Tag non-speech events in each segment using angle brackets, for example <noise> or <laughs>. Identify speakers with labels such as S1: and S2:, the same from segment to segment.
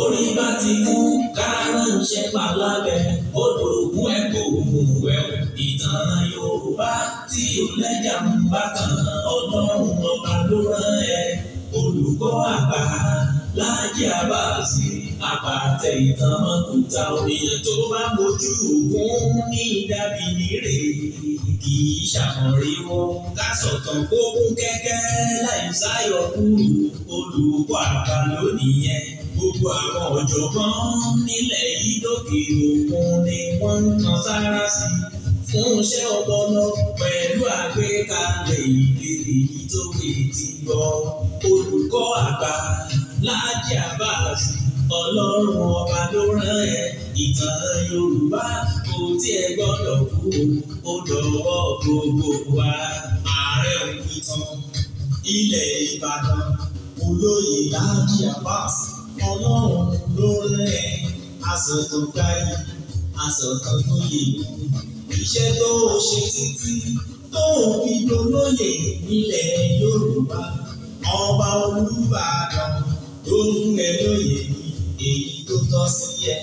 S1: orí bá ti kú kárànṣẹ́ palábẹ́ olùkú ẹ̀kọ́ òwúwẹ̀ ìtàn Yorùbá tí ó lẹ́jà ń bá kan ọlọ́run ọba ló rán ẹ olùkọ́ àgbà Láàjì Abbas àtẹ̀yìntàn máa kú tó bá mojú ògún ní dàbí nírè kì í ṣàmọ̀rí wọn. ká sọ̀tàn kó kún kẹ́kẹ́ láì sáyọ kúrò olùkọ́ àbá lónìí gbogbo àwọn ọ̀jọ̀gbọ́n nílẹ̀ yìí lókè òkun ni wọ́n ń kan sára sí fún iṣẹ́ ọpọlọ pẹ̀lú àgbékalẹ̀ ìdè èyí tó kéde ti gbọ́ olùkọ́ àgbà Láàjì Abbas ọlọ́run ọba ló rán ẹ ìtàn yorùbá kò tiẹ̀ gbọ́dọ̀ kú ó dọ̀wọ́ gbogbo wa ààrẹ òkìtàn ilẹ̀ ìbàdàn olóyè Láàjì Abbas ọlọ́run ló rán ẹ aṣọ gbáyé aṣọ tó lè mú iṣẹ́ tó ṣe títí tó fi dolóyè nílẹ̀ yorùbá ọba olúbàdàn ló fún ẹ lóyè èyí tó tọ́ sí ẹ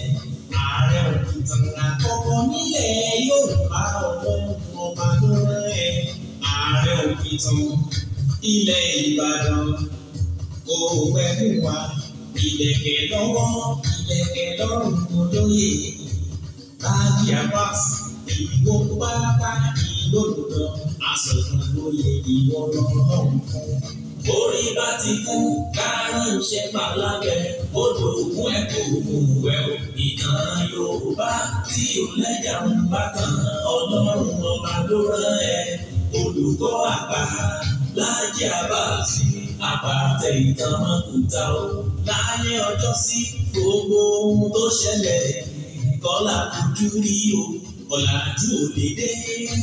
S1: ààrẹ òkùnkùn àkọ́kọ́ nílẹ̀ Yorùbá ọmọ ọba ló rán ẹ ààrẹ òkùnkùn ilẹ̀ Ìbàdàn òwò ẹ̀kú wa ìlẹ̀kẹ̀ lọ́wọ́ ìlẹ̀kẹ̀ lọ́rùn olóyè
S2: báàgì Abbas
S1: ìwọ pátá ìlólùdàn àsọ̀tàn lóye ìwọ lọ́rùn fún orí bá ti kú kárán ṣe pàlábẹ́ odò òkun ẹ̀kọ́ òmùwẹ̀ o. ìtàn Yorùbá tí ò lẹ́jà ń bá kan ọlọ́run ọba ló rán ẹ olùkọ́ àgbà Láàjì Abbas àbàtẹ ìtàn mọ́kúta o. láyé ọjọ́ sí gbogbo ohun tó ṣẹlẹ̀ kọ́lá fojú rí o. ọ̀làjú òdìdé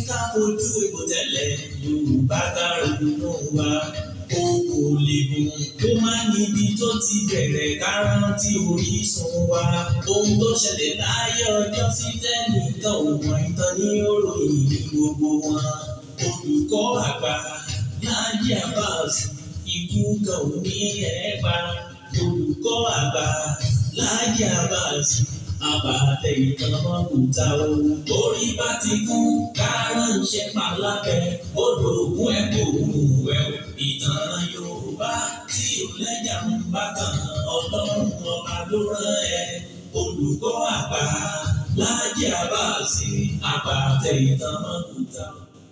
S1: ká fojú ìbò tẹ̀lẹ̀ Yorùbá ká ronú wa kò lè gùn tó máa níbi tó ti bẹ̀rẹ̀ káràntì orísun wa ohun tó ṣẹlẹ̀ láyé ọjọ́ sí tẹ́nìkan òun ìtàn ní òròyìn ní gbogbo wọn olùkọ́ àgbà Nadia Abbas ikú kan ní ẹ̀ olùkọ́ àgbà
S2: Nadia Abbas abàtẹ ìtọ́mọ́kù ta o.
S1: orí bá ti kún kárànṣẹ́ palábẹ́ odò ògùn ẹ̀ kò wù ẹ̀ o. ìtàn Yorùbá tí ò lẹ́jà ń bá kan ọlọ́run ọba ló rán ẹ olùkọ́ àgbà Láàjì Abbas àbàtẹ ìtọ́mọ́kù o.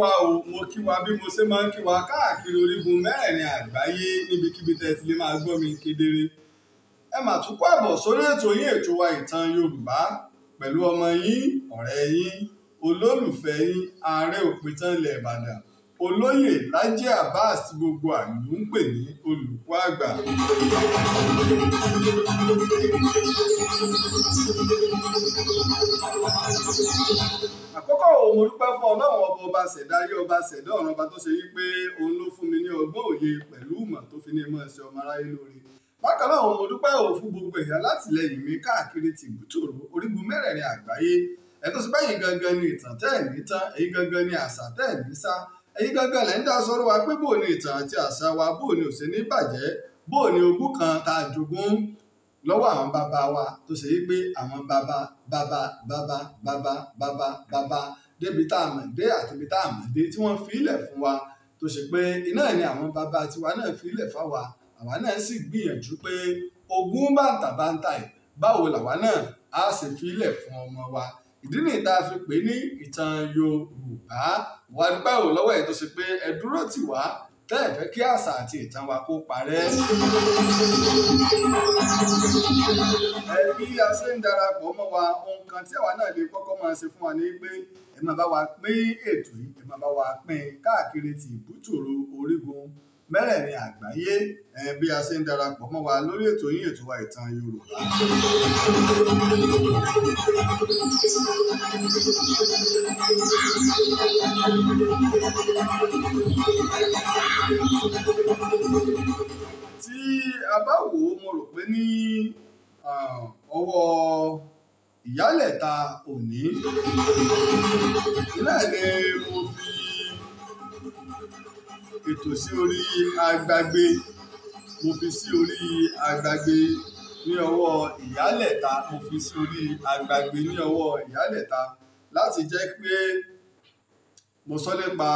S2: wa o mo kí wa bí mo ṣe máa ń kí wa káàkiri orígun mẹ́rẹ̀ẹ̀rin àgbáyé níbikíbi tẹ́ ti lè máa gbọ́ mi kedere ẹ mà tún kó àbọ̀ sórí ètò yín ètò wa ìtàn Yorùbá pẹ̀lú ọmọ yín ọ̀rẹ́ yín olólùfẹ́ yín ààrẹ òpìtàn ilẹ̀ Ìbàdàn olóyè laji abbas tí gbogbo ìlú ń pè ní olùkọ́ àgbà àkọ́kọ́ òun mo dúpẹ́ fún ọlọ́run ọba ọba ṣẹ̀dá ayé ọba ṣẹ̀dá ọ̀run ọba tó ṣe yí pé òun ló fún mi ní ọgbọ́n òye pẹ̀lú ìmọ̀ tó fi ní ìmọ̀ ẹ̀sẹ̀ ọmọ aráyé lórí
S1: bákan náà òun dúpẹ́ òun fún
S2: gbogbo ẹ̀yà látìlẹyìn mi káàkiri tìbútòrò orígun mẹ́rẹ̀ẹ̀rin àgbáyé ẹ̀ tó ṣe báyìí gangan ni ìtàn tẹ́ẹ̀ ní tán èyí gangan ni àṣà tẹ́ẹ̀ ní sá
S1: ẹ̀yin gangan lẹ́ ń dá
S2: sọ̀rọ̀ wa pé bóò ni ìtàn àti àṣà wa bóò ni òsè ní bàjẹ́ bóò ni ogún kan tá a jogún lọ́wọ́ àwọn bàbá wa tó ṣe wípé àwọn bàbá bàbá bàbá bàbá bàbá bàbá débi tá a mọ̀ dé àti ibi tá a mọ̀ dé tí wọ́n fi ilẹ̀ fún wa tó ṣe pé iná ni àwọn bàbá tiwa náà fi ilẹ̀ fáwa àwa náà sì gbìyànjú pé ogún bàǹtà bàǹtà yìí báwo làwa náà á ṣe fi ilẹ̀ fún ọmọ wa ìdí nìyí tá fi pè ní ìtàn yorùbá wà dúpẹ́ wò lọ́wọ́ ẹ̀ tó ṣe pé ẹ dúró tì wá tẹ́ fẹ́ kí àṣà àti ìtàn wa kó parẹ́. ẹ a ṣe ń darapọ̀ mọ́ wa ohun kan tí àwa náà lè kọ́kọ́ máa ṣe fún wa ní pé ẹ máa bá wa pín ètò yìí ẹ máa bá wa pín káàkiri ti ìbútòrò orígun mẹ́rẹ̀ẹ̀rin àgbáyé bí a ṣe ń darapọ̀ mọ́ wa lórí ètò yín ètò wa ìtàn Yorùbá. tí a bá wò ó mo rò pé ní ọwọ́ ìyálẹ̀ta òní náà mo fi ètò sí orí agbágbé mo fi sí orí agbágbé ní ọwọ́ ìyálẹ̀ta mo fi sí orí agbágbé ní ọwọ́ ìyálẹ̀ta láti jẹ́ pé mo sọ nípa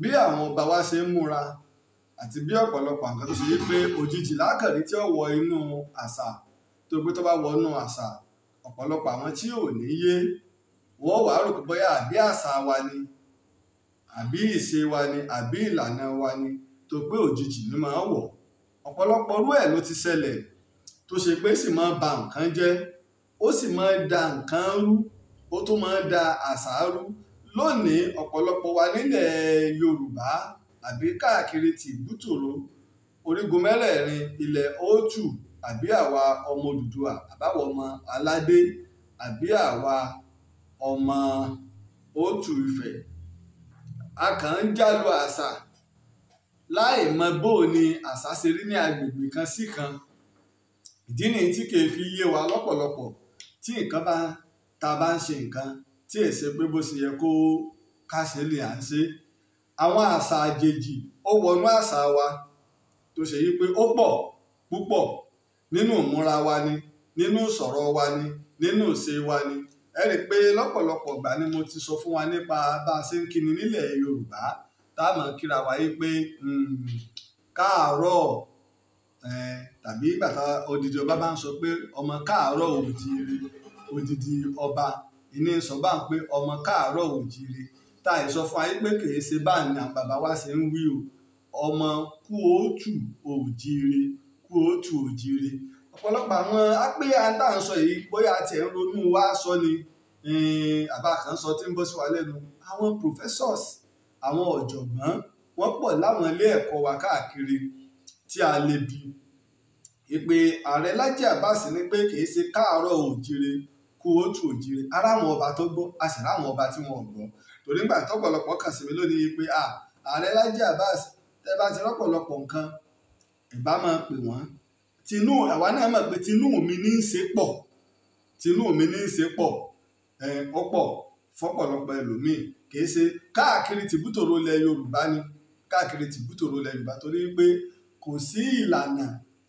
S2: bí àwọn ọba wa ṣe ń múra àti bí ọ̀pọ̀lọpọ̀ nǹkan tó ṣe yí pé òjijì lákàrí tí ó wọ inú àṣà tó gbé tó bá wọ inú àṣà ọ̀pọ̀lọpọ̀ àwọn tí ò ní yé wọ́n wàá rò pé bóyá àbí àṣà wa ni àbí ìṣe wa ni àbí ìlànà wa ni tó pé òjijì ló máa wọ̀ ọ̀pọ̀lọpọ̀ irú ẹ̀ ló ti ṣẹlẹ̀ tó ṣe pé sì máa ba nǹkan jẹ́ ó sì máa da nǹkan rú ó tún máa da àṣà rú lónìí ọ̀pọ̀lọpọ̀ wa nílẹ̀ Yorùbá àbí káàkiri ti ìbútòrò orígun mẹ́rẹ̀ẹ̀rin ilẹ̀ òòtù àbí àwa ọmọ Odùduwà àbáwọ̀ ọmọ aládé àbí àwa ọmọ òòtù Ifẹ̀ a kàn ń jálu àṣà láì mọ bó ni àṣà ṣe rí ní agbègbè kan sí kan ìdí nìyí tí kì í fi yé wa lọ́pọ̀lọpọ̀ tí nǹkan bá ta bá ń ṣe nǹkan tí èsè pé bó ṣe yẹ kó ká ṣe lè à ń ṣe àwọn àṣà àjèjì ó wọnú àṣà wa tó ṣe yí pé ó pọ̀ púpọ̀ nínú ìmúra wa ni nínú ìsọ̀rọ̀ wa ni nínú ìṣe wa ni ẹ rí i pé lọ́pọ̀lọpọ̀ ìgbà ni mo ti sọ fún wa nípa bá a ṣe ń kíni nílẹ̀ Yorùbá táàmù kíra wáyé pé hmm, káàárọ̀ tàbí ìgbà tá odidi ọba bá ń sọ pé ọmọ káàárọ̀ òjìire odidi ọba ìní sọ bá ń pé ọmọ káàárọ̀ òjìire tá a sọ fún ayé pé kìí ṣe bá ní àwọn bàbá ṣe ń wí o ọmọ kú òótù òjìire kú òótù òjìire ọ̀pọ̀lọpọ̀ àwọn ápéyà tá à ń sọ yìí bóyá tiẹ̀ ń ronú wá sọ ni àbá kan sọ tí ń bọ́ sí wa lẹ́nu àwọn professors àwọn ọ̀jọ̀gbọ́n wọ́n pọ̀ láwọn ilé ẹ̀kọ́ wa káàkiri tí a lè bi ìpè ààrẹ Lájí Abbas ní pé kì í ṣe káàárọ̀ òjire kú òtù òjire ara àwọn ọba tó gbọ́ a sì ráwọn ọba tí wọn ò gbọ́ torí nígbà tọ́pọ̀lọpọ̀ kàn sí mi lónìí pé ààrẹ Lájí Abbas tẹ́ bá ti rọ́pọ̀lọpọ̀ nǹkan ẹ bá máa pè wọ́n tinú àwa náà mọ̀ pé tinú mi ní í ṣe pọ̀ tinú mi ní í ṣe pọ̀ ẹ̀ ọ̀pọ̀ fọ́pọ̀lọpọ̀ ẹlòmíì kì í ṣe káàkiri tìbútòrò ilẹ̀ Yorùbá ni káàkiri tìbútòrò ilẹ̀ Yorùbá torí pé kò sí ìlànà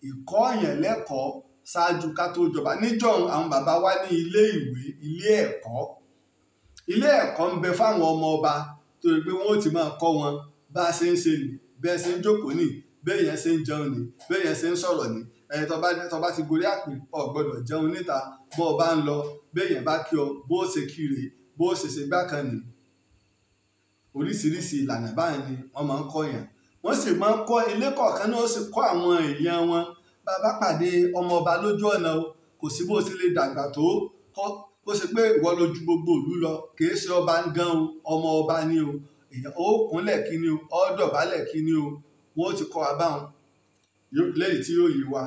S2: ìkọ́yàn lẹ́kọ̀ọ́ ṣáájú ká tó jọba níjọ́ àwọn bàbá wa ní ilé ìwé ilé ẹ̀kọ́ ilé ẹ̀kọ́ ń bẹ fáwọn ọmọ ọba torí pé wọ́n ó ti máa kọ́ wọn bá a ṣe ń ṣe nì bẹ́ẹ̀ ṣe ń jókòó nì bẹ́ẹ̀ yẹn ṣe ń jẹun nì bẹ́ẹ̀ yẹn ṣe ń sọ̀rọ̀ nì ẹ tó bá tó bá ti gorí àpè o gbọ́dọ̀ jẹun níta bó o bá ń lọ béèyàn bá kí ọ bó o ṣe kíre bó o ṣe ṣe gbá kan oríṣiríṣi ìlànà báyìí ni wọ́n máa ń kọ́ yàn wọ́n sì máa ń kọ́ ilé kọ̀ọ̀kan náà ó sì kọ́ àwọn èèyàn wọn bàbá pàdé ọmọ ọba lójú ọ̀nà o kò sí bó o sì lè dàgbà tó kó ṣe pé ìwọ ló ju gbogbo ìlú lọ kìí ṣe ọba ń gan o ọmọ ọba ni o èèyàn ó kúnlẹ̀ kí ni o ọ́ dọ̀bálẹ̀ kí ni o wọ́n ti kọ́ abáwọn lẹ́yìn tí yóò yí wa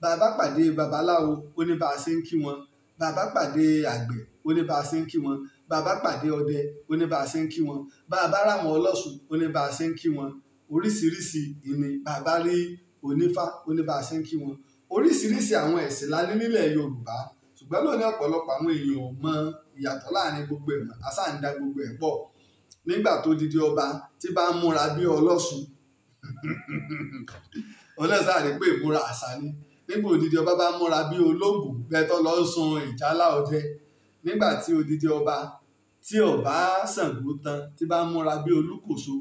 S2: bàbá pàdé babaláwo ó ní bá a ṣe ń kí wọn bàbá pàdé àgbẹ̀ ó ní bá a ṣe ń kí wọn bàbá pàdé ọdẹ ó ní bá a ṣe ń kí wọn bàbá ràwọn ọlọ́sùn ó ní bá a ṣe ń kí wọn oríṣiríṣi ìní bàbá rí onífá ó ní bá a ṣe ń kí wọn oríṣiríṣi àwọn ẹ̀sìn la ní nílẹ̀ yorùbá ṣùgbọ́n lónìí ọ̀pọ̀lọpọ̀ àwọn èèyàn mọ ìyàtọ̀ láàrin gbogbo ẹ̀ mọ́ gbogbo ẹ̀ pọ̀ nígbà tó didi ọba tí bá ń múra bí ọlọ́sùn <laughs> òun náà sáré pé ìmúra àṣà ni nígbà odidi ọba bá múra bí ológun bẹ́tọ́ lọ sun ìjálá ọdẹ nígbà tí odidi ọba tí ọba Ṣàngó tán tí bá múra bí olúkòso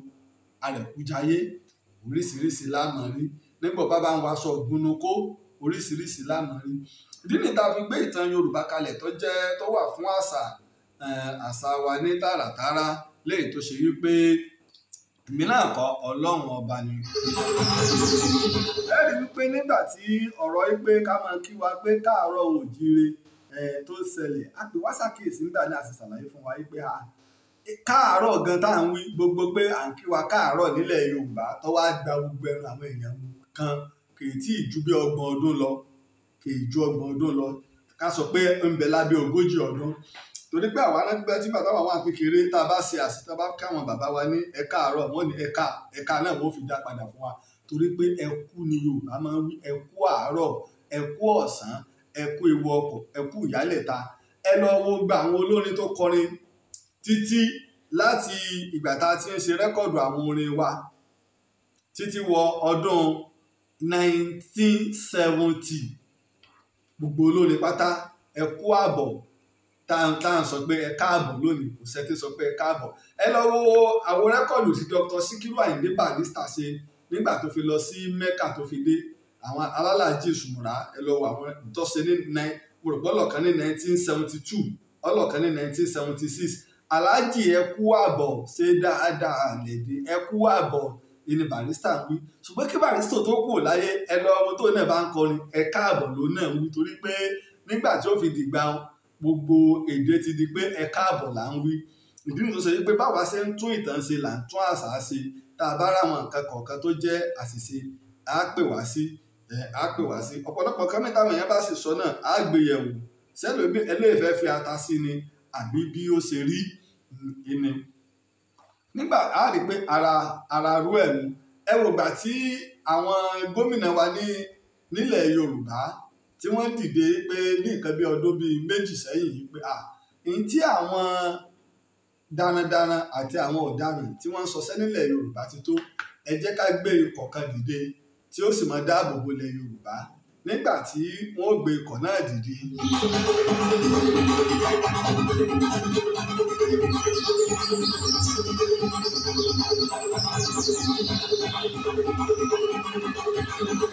S2: àrẹ̀kújayé oríṣiríṣi láàmú rí nígbà ọba bá ń waṣọ ògúnnukó oríṣiríṣi láàmú rí ìdí ni ta fi gbé ìtàn Yorùbá kalẹ̀ tó jẹ́ tó wà fún àṣà àṣà wa ní tààràtàrà léyìí tó ṣe wípé èmi náà kọ́ ọlọ́run ọba ni. ẹ rí wípé nígbà tí ọ̀rọ̀ yìí pé ká máa kí wa pé káàárọ̀ òjíire tó ṣẹlẹ̀ a pè wá ṣàkíyèsí nígbà náà a sì ṣàlàyé fún wa wípé a káàárọ̀ gan tá à ń wí gbogbo pé à ń kí wa káàárọ̀ nílẹ̀ yorùbá tó wá gba gbogbo ẹnu àwọn èèyàn kan kì í tí ì ju bí ọgbọ̀n ọdún lọ kì í ju ọgbọ̀n ọdún lọ ká sọ pé ń bẹ lábẹ́ ogójì ọdún torí pé àwa náà gbígbá tí bàbá wa wà kékeré tá a bá ṣe àṣìta bá káwọn bàbá wa ní ẹ̀ka àárọ̀ wọ́n ní ẹ̀ka ẹ̀ka náà wọ́n fi dá padà fún wa torí pé ẹkú ni Yorùbá máa ń wí ẹkú àárọ̀ ẹkú ọ̀sán ẹkú ewu ọkọ̀ ẹkú ìyálẹ̀ta ẹ lọ wo gba àwọn olórin tó kọrin títí láti ìgbà tá a ti ń ṣe rẹ́kọ̀dù àwọn orin wa títí wọ ọdún 1970 gbogbo olórin pátá ẹkú àbọ̀ tá à ń sọ pé ẹ káàbọ̀ lónìí kò sẹ́tí sọ pé ẹ káàbọ̀ ẹ lọ wo àwọn rẹ́kọ̀dù tí Dr. Sikiru Ayinde Barrister ṣe nígbà tó fi lọ sí Mecca tó fi dé àwọn alálàájì ìṣùmùrà ẹ lọ wo àwọn tó ṣe ní mọ̀rọ̀gbọ́lọ̀kan ní 1972 ọlọ́kan ní 1976 aláàjì ẹ kú àbọ̀ ṣe dáadáa lẹ́dí ẹ kú àbọ̀ ìní Barrister wí ṣùgbọ́n kí Barrister tó kù láyé ẹ lọ ohun tó náà bá ń kọrin ẹ káàbọ̀ ló náà wí torí pé nígbà tí ó fi dìgbà gbogbo èdè ti di pé ẹ káàbọ̀ là ń wí ìdí nìyí tó ṣe pé báwa ṣe ń tún ìtàn ṣe là ń tún àṣà ṣe tá a bá ráwọn nǹkan kọ̀ọ̀kan tó jẹ́ àṣìṣe á pè wá sí á pè wá sí ọ̀pọ̀lọpọ̀ kan mẹ́ta àwọn èèyàn bá sì sọ náà á gbé yẹ̀wò sẹ́lẹ̀ ẹlẹ́fẹ́ fi ata sí ni àbí bí ó ṣe rí ni nígbà á rí pé ara ara rú ẹ̀ ni ẹ wògbà tí àwọn gómìnà wa ní nílẹ̀ Yorùbá tí wọ́n dìde pé ní nǹkan bí ọdún bíi méjì sẹ́yìn yìí pé à ní tí àwọn darandaran àti àwọn ọ̀daràn tí wọ́n ń sọsẹ́ nílẹ̀ Yorùbá ti tó ẹ jẹ́ ká gbé ikọ̀ kan dìde tí ó sì máa dáàbò bo ilẹ̀ Yorùbá nígbà tí wọ́n gbé ikọ̀ náà dìde. Thank you.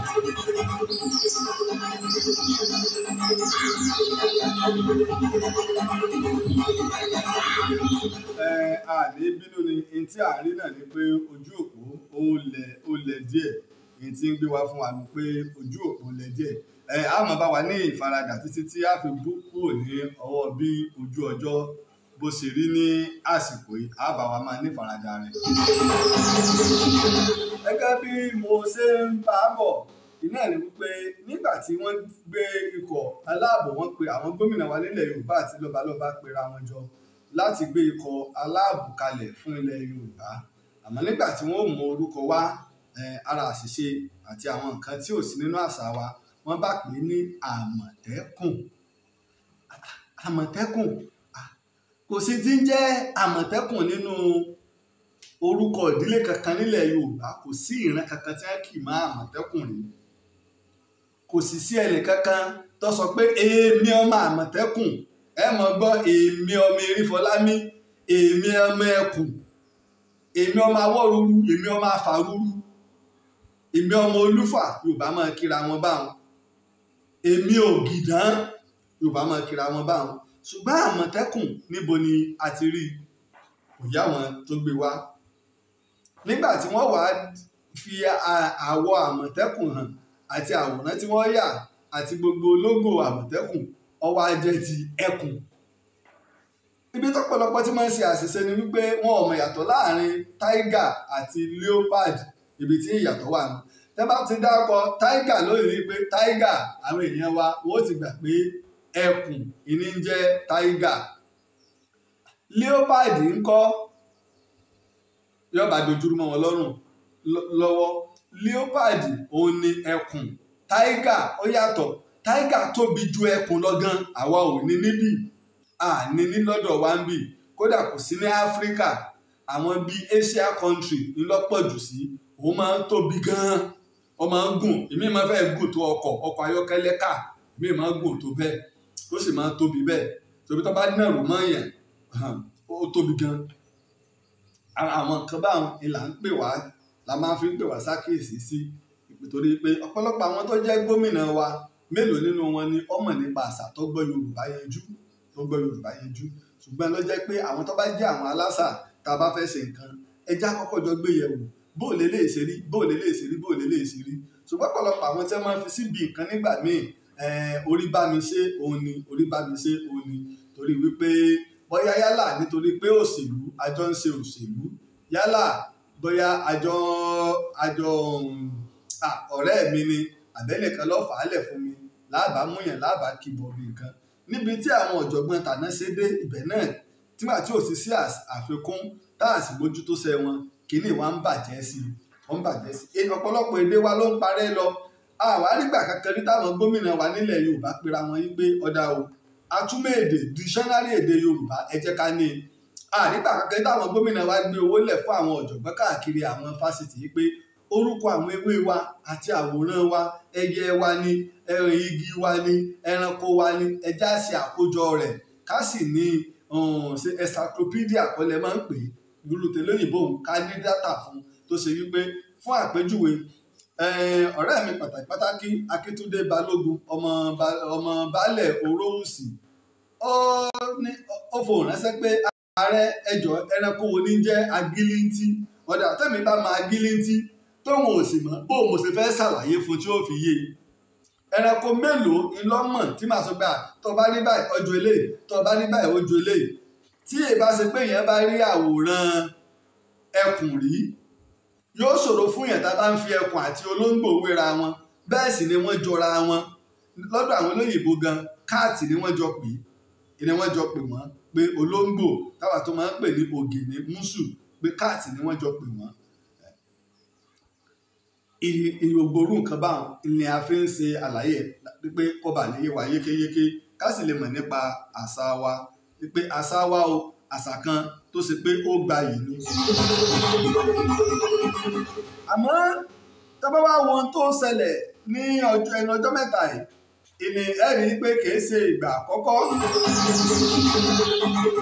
S2: àní bínú ni n tí àárín ní pé ojú òkú ó díẹ̀ gbé wá fún wa pé ojú òpó lẹ díẹ̀ ẹ á máa bá wa ní ìfaradà títí tí a fi bú ní ọwọ́ bí ojú ọjọ́ bó ṣe rí ní àsìkò yìí bá wa máa ní ìfaradà bí mo ṣe ń bá bọ̀ iná ni wípé nígbà tí wọ́n gbé ikọ̀ aláàbò wọn pe àwọn gómìnà wa nílẹ̀ yorùbá àti lọ́balọ́ba pera wọn jọ láti gbé ikọ̀ aláàbò kalẹ̀ fún ilẹ̀ yorùbá àmọ́ nígbà tí wọ́n ò mọ orúkọ wa ara àṣìṣe àti àwọn nǹkan tí ò sí nínú àṣà wa wọ́n bá pè é ní àmọ̀tẹ́kùn àmọ̀tẹ́kùn kò sí ti ń jẹ́ àmọ̀tẹ́kùn nínú orúkọ ìdílé kankan nílẹ̀ yorùbá kò sí ìran kankan tí wọ́n kì í àmọ̀tẹ́kùn rèé kò sì sí ẹnì kankan tó sọ pé èmi ọmọ àmọ̀tẹ́kùn ẹ mọ̀ gbọ́ èmi ọmọ erífọlámi èmi ọmọ ẹkùn èmi ọmọ awọ́rúurú èmi ọmọ afàrúurú èmi ọmọ olúfà yorùbá máa kíra wọn báwọn èmi ògìdán yorùbá máa kíra wọn báwọn ṣùgbọ́n àmọ̀tẹ́kùn níbo ni a ti rí kò yá wọn tó gbé wá nígbà tí wọ́n wàá fi àwọ̀ àmọ̀tẹ́kùn hàn àti àwòrán tí wọ́n yà àti gbogbo lógò àmọ̀tẹ́kùn ọwọ́ ajẹ́ ti ẹkùn ibi tọ́pọ̀lọpọ̀ tí wọ́n ń ṣe àṣìṣe ni wípé wọn ò mọ̀ ìyàtọ̀ láàrin tiger àti leopard ibi tí ìyàtọ̀ wà ní tẹ́ bá ti dákọ tiger lónìí pé tiger àwọn èèyàn wa wọ́n ti gbà pé ẹkùn ìní ń jẹ́ tiger leopard ńkọ́ yọba dojúrú mọ́ wọn lọ́rùn lọ́wọ́ leopard òun ni ẹkùn tiger ó yàtọ̀ tiger tóbi ju ẹkùn lọ gan àwa ò ní níbí àní ní lọ́dọ̀ wa ń bì kódà kò sí ní áfíríkà àwọn bíi asia country ńlọ́pọ̀ jù sí òun máa ń tóbi gan ó máa ń gùn èmi máa fẹ́ gùn tó ọkọ̀ ọkọ̀ ayọ́kẹ́lẹ́ kà èmi máa ń gùn tó bẹ́ẹ̀ ó sì máa ń tóbi bẹ́ẹ̀ tóbi tó bá nàró mọ́ yẹn ó tóbi gan ara àwọn kan báwọn ìlà ń pè wá la máa fi ń pè wá sákèsí sí torí pé ọ̀pọ̀lọpọ̀ àwọn tó jẹ́ gómìnà wa mélòó nínú wọn ni ó mọ̀ nípa àṣà tó gbọ́ Yorùbá yanjú tó gbọ́ Yorùbá yanjú ṣùgbọ́n ló jẹ́ pé àwọn tó bá jẹ́ àwọn aláṣà tá a bá fẹ́ ṣe nǹkan ẹjẹ́ àkọ́kọ́ jọ gbé yẹ̀wò bóò lè lè ṣe rí bóò lè lè ṣe rí bóò lè lè ṣe rí ṣùgbọ́n ọ̀pọ̀lọpọ̀ àwọn tí wọ́n máa ń fi síbi nǹkan nígbà míì eh, orí bá mi ṣe òun ni orí bá mi ṣe òun ni torí wípé bọ́yá yálà nítorí pé òṣèlú àjọ ń ṣe òṣèlú yálà bóyá àjọ àjọ um, ọ̀rẹ́ mi ni àbẹ́nìkan lọ́ọ́ fà á lẹ̀ fún mi lábàámúyàn lábàá kìbọ̀ bí nǹkan níbi tí àwọn ọ̀jọ̀gbọ́n tàná ṣe dé ibẹ̀ náà tígbà tí ò sì sí àfikún tá à sì mójútó sẹ wọn kínní wa ń bàjẹ́ sí i wọ́n ń bàjẹ́ sí i e, ọ̀pọ̀lọpọ̀ èdè wa ló ń parẹ́ lọ àwa nígbà kankan rí táwọn gómìnà wa nílẹ̀ Yorùbá pera wọn yí pé ọ̀dà o atúmọ̀ èdè dictionary èdè Yorùbá ẹ jẹ́ ká ní ànígbà kankan táwọn gómìnà wa gbé owó lẹ̀ fún àwọn ọ̀jọ̀gbọ́n káàkiri àwọn fásitì yìí pé orúkọ àwọn ewé wa àti àwòrán wa ẹyẹ wa ni ẹran igi wa ni ẹranko wa ni ẹja ṣe àkójọ rẹ̀ ká sì ní um, encyclopedia kọlẹ máa ń pè é lulùtẹ lóyìnbó ká ní dátà fún tó ṣe wípé fún àpèjúwe eh, ọ̀rẹ́ mi pàtàkì pátákì akíntúndé balógun ọmọ baálẹ̀ orówùsì ó ní ó fòun ààrẹ ẹjọ́ ẹranko wo ní jẹ́ agílíntì ọ̀dà tẹ́mi bá máa agílíntì tóun ò sì mọ̀ bó mo sì fẹ́ ṣàlàyé fún tí ó fi yé e. ẹranko mélòó ìlọ́mọ̀ tí màá sọ pé à tó bá rí báyìí ọjọ́ eléyìí tó bá rí báyìí ọjọ́ eléyìí tí èbá ṣe pé èèyàn bá rí àwòrán ẹkùn rí yóò ṣòro fún èèyàn tá a bá ń fi ẹkùn àti olóńgbò wéra wọn bẹ́ẹ̀ sì ni wọ́n jọra wọn lọ́dọ̀ àwọn olóyìnbó gan káàtì ni wọ́n jọ pè ni wọ́n jọ pè wọ́n pé olóńgbò táwa tó máa ń pè ní ògìní músù pé káàtì ni wọ́n jọ pè wọ́n ìyògbòrú nǹkan báwọn ni a fi ń ṣe àlàyé pé kọba lè wà yékéyéké ká sì lè mọ̀ nípa àṣà wa pé àṣà wa o àṣà kan tó ṣe pé ó gba yìí ni. àmọ́ tọ́ba wá wọn tó ṣẹlẹ̀ ní ọjọ́ ẹnu ọjọ́ mẹ́ta yìí ìní ẹ̀rí pé kìí ṣe ìgbà àkọ́kọ́ àkọ́kọ́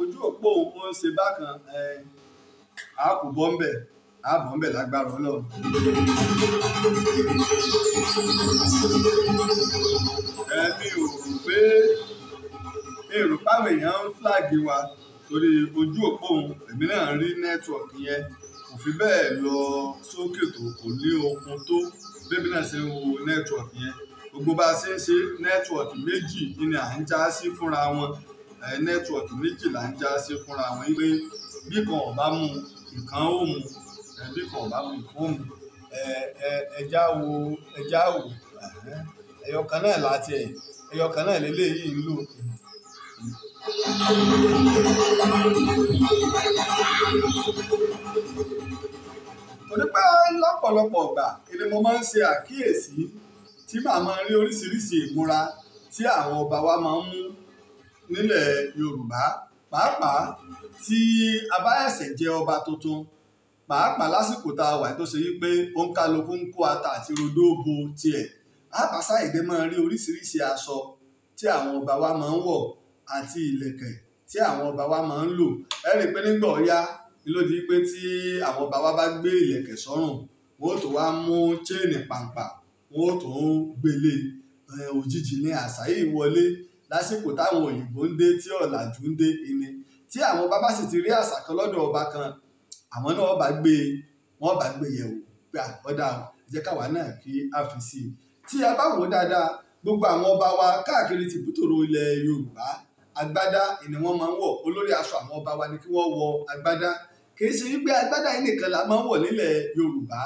S2: ojú òpó òun ṣe bákan a kò bọ́ ń bẹ̀ ààbọ̀ ńbẹ̀ lágbára ọlọ́run. ẹ̀mí ò rò pé èrò báwọn èèyàn ń flag wa torí ojú òpó òun èmi náà rí nẹ́tíwọ̀kì yẹn kò fi bẹ́ẹ̀ lọ sókè tó kò ní okun tó bébí náà ṣe ń wo nẹ́tíwọ̀kì yẹn gbogbo bá a ṣe ń ṣe nẹ́tíwọ̀kì méjì ni à ń já sí fúnra wọn nẹ́tíwọ̀kì méjì là ń já sí fúnra wọn pé bí kan ò bá mú nǹkan ó mú ẹbí kan bá wù fóun ẹja wo ẹja wò ẹyọ kan náà láti ẹ ẹyọ kan náà lélẹyìí ń lò. torí pé lọ́pọ̀lọpọ̀ ọ̀gbà ni mo máa ń ṣe àkíyèsí tí màá máa rí oríṣiríṣi ìmúra tí àwọn ọba wa máa ń mú nílẹ̀ Yorùbá pàápàá tí a bá ẹ̀sẹ̀ jẹ ọba tuntun pàápàá lásìkò tá a wà tó ṣe yí pé ó ń kálukú ń kó ata àti rodó bo tiẹ̀ àpàṣà èdè máa rí oríṣiríṣi aṣọ tí àwọn ọba wa máa ń wọ̀ àti ìlẹ̀kẹ̀ tí àwọn ọba wa máa ń lò ẹ pé nígbà ọ̀yá lódi pé tí àwọn ọba wa bá gbé ìlẹ̀kẹ̀ sọ́rùn wọn tó wá mú chéènì pàǹpà wọn tó ń gbélé òjijì ní àṣà yìí wọlé lásìkò táwọn òyìnbó ń dé tí ọ̀làjú ń dé ìní tí àwọn bàbá sì ti rí àṣà kan lọ́dọ̀ ọba kan àwọn náà wọ́n bá gbé wọ́n bá gbé yẹ̀wò gbà ọ̀dà jẹ́ káwa náà kí a fi sí i tí a bá wò dáadáa gbogbo àwọn ọba wa káàkiri tìbútòrò ilẹ̀ Yorùbá agbádá ni wọ́n máa ń wọ̀ olórí aṣọ àwọn ọba wa ni kí wọ́n wọ agbádá kìí ṣe wípé agbádá yìí nìkan la máa ń wọ̀ nílẹ̀ Yorùbá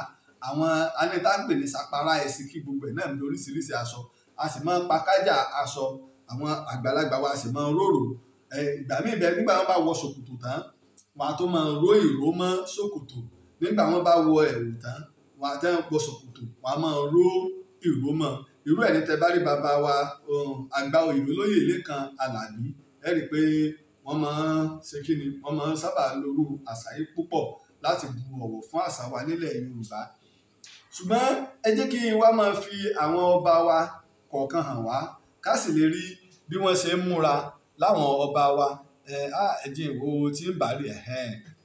S2: àwọn anítàgbè ní sàpárá ẹ̀sìn kí gbogbo ẹ̀ náà ní oríṣiríṣi aṣọ a sì máa ń pa kájà aṣọ àwọn àgbàlagbà wa sì máa ń rorò ìgbà míì bẹ́ẹ̀ nígbà wọn bá wọ ṣòkòtò tán wà tó máa ró ìró mọ́ ṣòkòtò nígbà wọn bá wọ ẹ̀wù tán wà á tẹ́wọ́n pọ̀ ṣòkòtò wà máa ró ìró mọ́ irú ẹ̀ ní tẹ bá rí bàbá wa um, àgbà òyìnbó lóyè lẹ́kan Àlàbí ẹ rí i pé wọ́n máa ń ṣe kí ni wọ́n máa ń sábà lóru àṣà yìí púpọ̀ láti bu ọ̀wọ̀ fún àṣà wa nílẹ̀ Yorùbá ṣùgbọ́n ẹ jẹ́ kí n wá máa fi àwọn ọba wa kọ̀ọ̀kan hàn wá ká sì lè rí bí wọ́n ṣe ń múra láwọn ọba wa ẹ á wo tí ń bá rí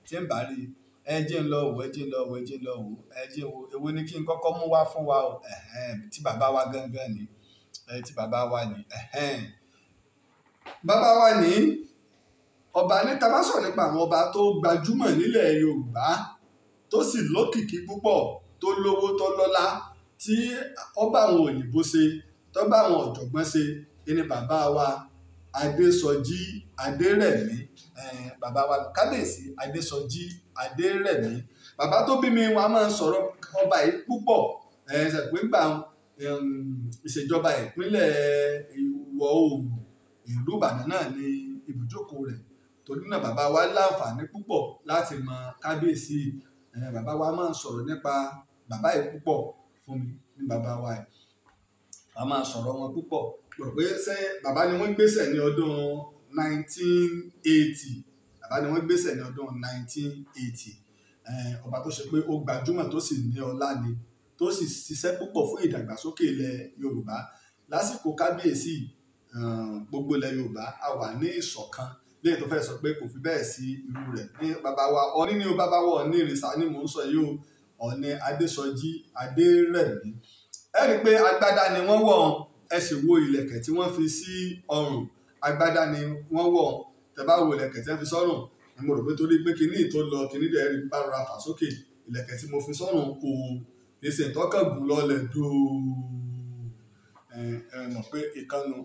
S2: tí ń bá rí ẹ lọ wò ẹ jẹ́ lọ wò ẹ jẹ́ lọ wò ẹ wo èwo ni kí n kọ́kọ́ mú wá fún wa o tí bàbá wa gangan ni tí bàbá wa ni bàbá wa ni ọba ní tá nípa àwọn ọba tó gbajúmọ̀ nílẹ̀ Yorùbá tó sì lókìkí púpọ̀ tó lówó tó lọ́lá tí ọba àwọn òyìnbó ṣe tọ́ba àwọn ọ̀jọ̀gbọ́n ṣe ẹni bàbá wa adésọjí adérẹ̀mí eh, bàbá wa kábíyèsí adésọjí adérẹ̀mí bàbá tó bí mi wọn a máa sọ̀rọ̀ ọba yìí púpọ̀ eh, ṣàgbégbà ìṣèjọba ìpínlẹ̀ ìwọ̀ oòrùn ìlú ìbàdàn náà ni ibùjókòó rẹ̀ torí náà bàbá wa láǹfààní púpọ̀ láti mọ kábíyèsí eh, bàbá wa máa sọ̀rọ̀ nípa bàbá yìí púpọ̀ fún mi ní bàbá wa yìí a máa sọ̀rọ̀ wọn púpọ̀ mo rò pé ṣé bàbá ni wọ́n gbéṣẹ̀ ní ọdún 1980 bàbá ni wọ́n gbéṣẹ̀ ní ọdún 1980 ọba tó ṣe pé ó gbajúmọ̀ tó sì ní ọlá ni tó sì ṣiṣẹ́ púpọ̀ fún ìdàgbàsókè ilẹ̀ Yorùbá lásìkò kábíyèsí gbogbo ilẹ̀ Yorùbá a wà ní ìṣọ̀kan lẹ́yìn tó fẹ́ sọ pé kò fi bẹ́ẹ̀ sí irú rẹ̀ ní bàbá wa ọ̀ní ni bàbá wa ọ̀ní ìrìnsà ni mò ń sọ yìí o ọ̀ní Adésọjí Adérẹ̀mí ẹ pé agbádá ni wọ́n wọ̀ ọ́n ẹ wo ìlẹ̀kẹ̀ tí wọ́n fi sí ọrùn agbádá ni wọ́n wọ̀ tẹ́ wo ìlẹ̀kẹ̀ tí wọ́n fi sọ́rùn ni mo rò pé torí pé kíní tó lọ kíní dẹ̀ rí bá rọra fà sókè ìlẹ̀kẹ̀ tí mo fi sọ́rùn kò èsì ìtọ́kàn gùn lọlẹ̀ dòó mọ̀ pé ìkànnù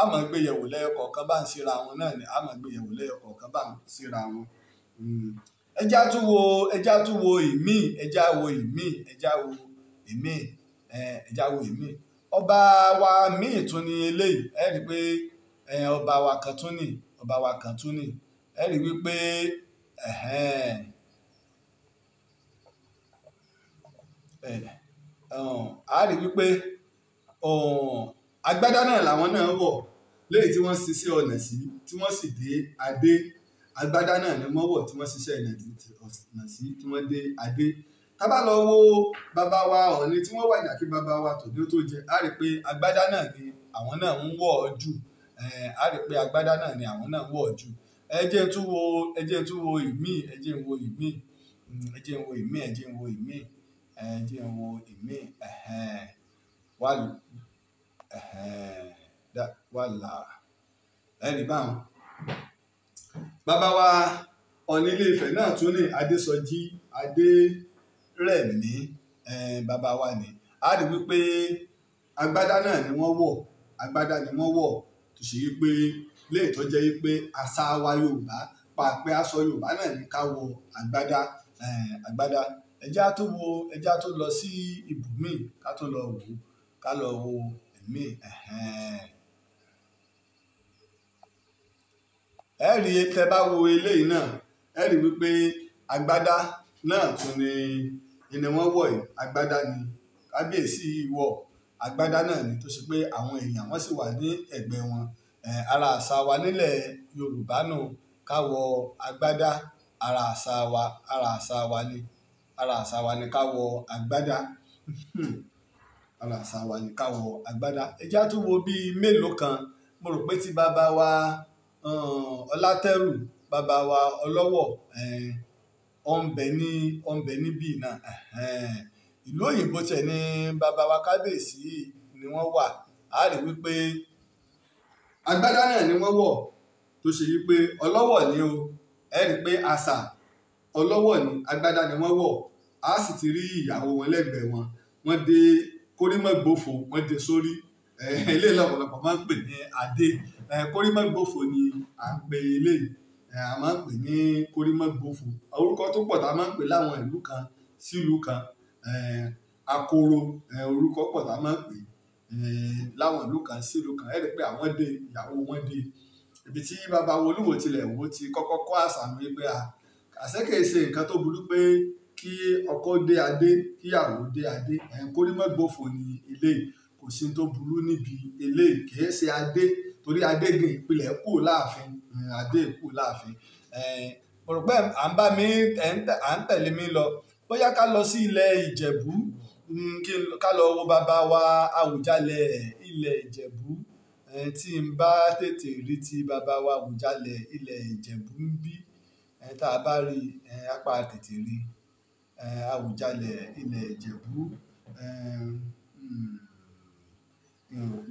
S2: àmọ́ gbéyẹ̀wò lẹ́yọkọ̀ọ̀kan bá ń síra wọn náà ni àmọ́ gbéyẹ̀wò lẹ́yọkọ̀ọ̀kan bá ń síra wọn. Hmm. ẹja tún wo ẹja tún wo ìmíì ẹja wo ìmíì ẹja wo ìmíì ẹja wo ìmíì ọba wa míì tún ni eléyìí ẹ rí i pé ọba wa kan tún ni ọba wa kan tún ni ẹ rí i wípé a rí i wípé agbádá náà làwọn náà wọ̀ lẹ́yìn tí wọ́n ṣiṣẹ́ ọ̀nà sí tí wọ́n sì dé adé agbádá náà ni wọ́n wọ̀ tí wọ́n ṣiṣẹ́ ọ̀nà sí tí wọ́n dé adé tá bá lọ wo bàbá wa Ọọ̀ni tí wọ́n wàjà kí bàbá wa tòní ó tó jẹ á rí i pé agbádá náà ni àwọn náà ń wọ̀ ọ́ jù á rí i pé agbádá náà ni àwọn náà ń wọ̀ ọ́ jù ẹ jẹ́ tún wo ẹ jẹ́ tún wo ìmí ẹ jẹ́ wo ìmí hmm, ẹ jẹ́ wo ìmí ẹ jẹ́ wo ìmí ẹ jẹ́ wo ìmí wà là ẹ báwọn. bàbá wa Ọọ̀ni Ilé Ifẹ̀ náà tún ní Adésọjí Adé. Soji, Adé rẹ̀mí bàbá wa ni a rí wípé agbádá náà ni wọ́n wọ̀ agbádá ni wọ́n wọ̀ tó ṣe wípé lè tó jẹ́ wípé àṣà wa Yorùbá pàpẹ́ aṣọ Yorùbá náà ní ká wọ agbádá agbádá ẹjẹ́ á tó wo ẹjẹ́ á lọ sí ibòmíì ká tó lọ wò ó ká lọ wo ẹ̀mí ẹ rí tẹ́ bá wo eléyìí náà ẹ rí wípé agbádá náà tún ni ni wọ́n wọ̀ yìí agbádá ni kábíyèsí yìí wọ̀ agbada náà ni tó ṣe pé àwọn èèyàn wọ́n sì wà ní ẹ̀gbẹ́ wọn ara àṣà wa nílẹ̀ Yorùbá nù ká wọ agbádá ara àṣà wa ara àṣà wa ni ara àṣà wa ni ká wọ agbádá <laughs> ara àṣà wa ni ká wọ agbádá ẹjá tún wo bíi mélòó kan mo rò pé tí bàbá wa Ọlátẹ́rù bàbá wa Ọlọ́wọ̀ ọ̀nbẹ ní ọ̀nbẹ níbí náà ìlú òyìnbó tiẹ̀ ní bàbá wa kábíyèsí ni wọ́n wà á rí wípé agbádá náà ni wọ́n wọ̀ tó ṣe wípé ọlọ́wọ̀ ni o ẹ rí pé àṣà ọlọ́wọ̀ ni agbádá ni wọ́n wọ̀ á sì ti rí ìyàwó wọn lẹ́gbẹ̀ẹ́ wọn wọ́n dé kórímọ̀gbòfò wọ́n dé sórí eléyìí lọ́pọ̀lọpọ̀ máa ń pè ní adé kórímọ̀gbòfò ni à ń pe eléyìí a máa ń pè ní kórìmọ́gbòfò orúkọ tó pọ̀ tá a máa ń pè láwọn ìlú kan sílùú kan akoro orúkọ pọ̀ tá a máa ń pè láwọn ìlú kan sílùú kan ẹ̀rí pé àwọn dé ìyàwó wọn dé ibi tí bàbá olúwo tilẹ̀ wo ti kọ́kọ́ kọ́ àṣà pé a àṣẹ́kẹ̀ ṣe nǹkan tó burú pé kí ọkọ dé adé kíyàwó dé adé kórìmọ́gbòfò ní ilé kò sí tó burú níbi ilé kìí ṣe adé torí adé gbìn ìpìlẹ̀ kù láàfin adé kù láàfin mo rò pé à ń bá mi à ń tẹ̀lé mi lọ bóyá ká lọ sí ilẹ̀ ìjẹ̀bú mm, ká lọ wo bàbá wa àwùjalẹ̀ ilẹ̀ ìjẹ̀bú tí n bá tètè rí ti bàbá wa àwùjalẹ̀ ilẹ̀ ìjẹ̀bú ń bí tá a bá rí apá tètè rí àwùjalẹ̀ ilẹ̀ ìjẹ̀bú n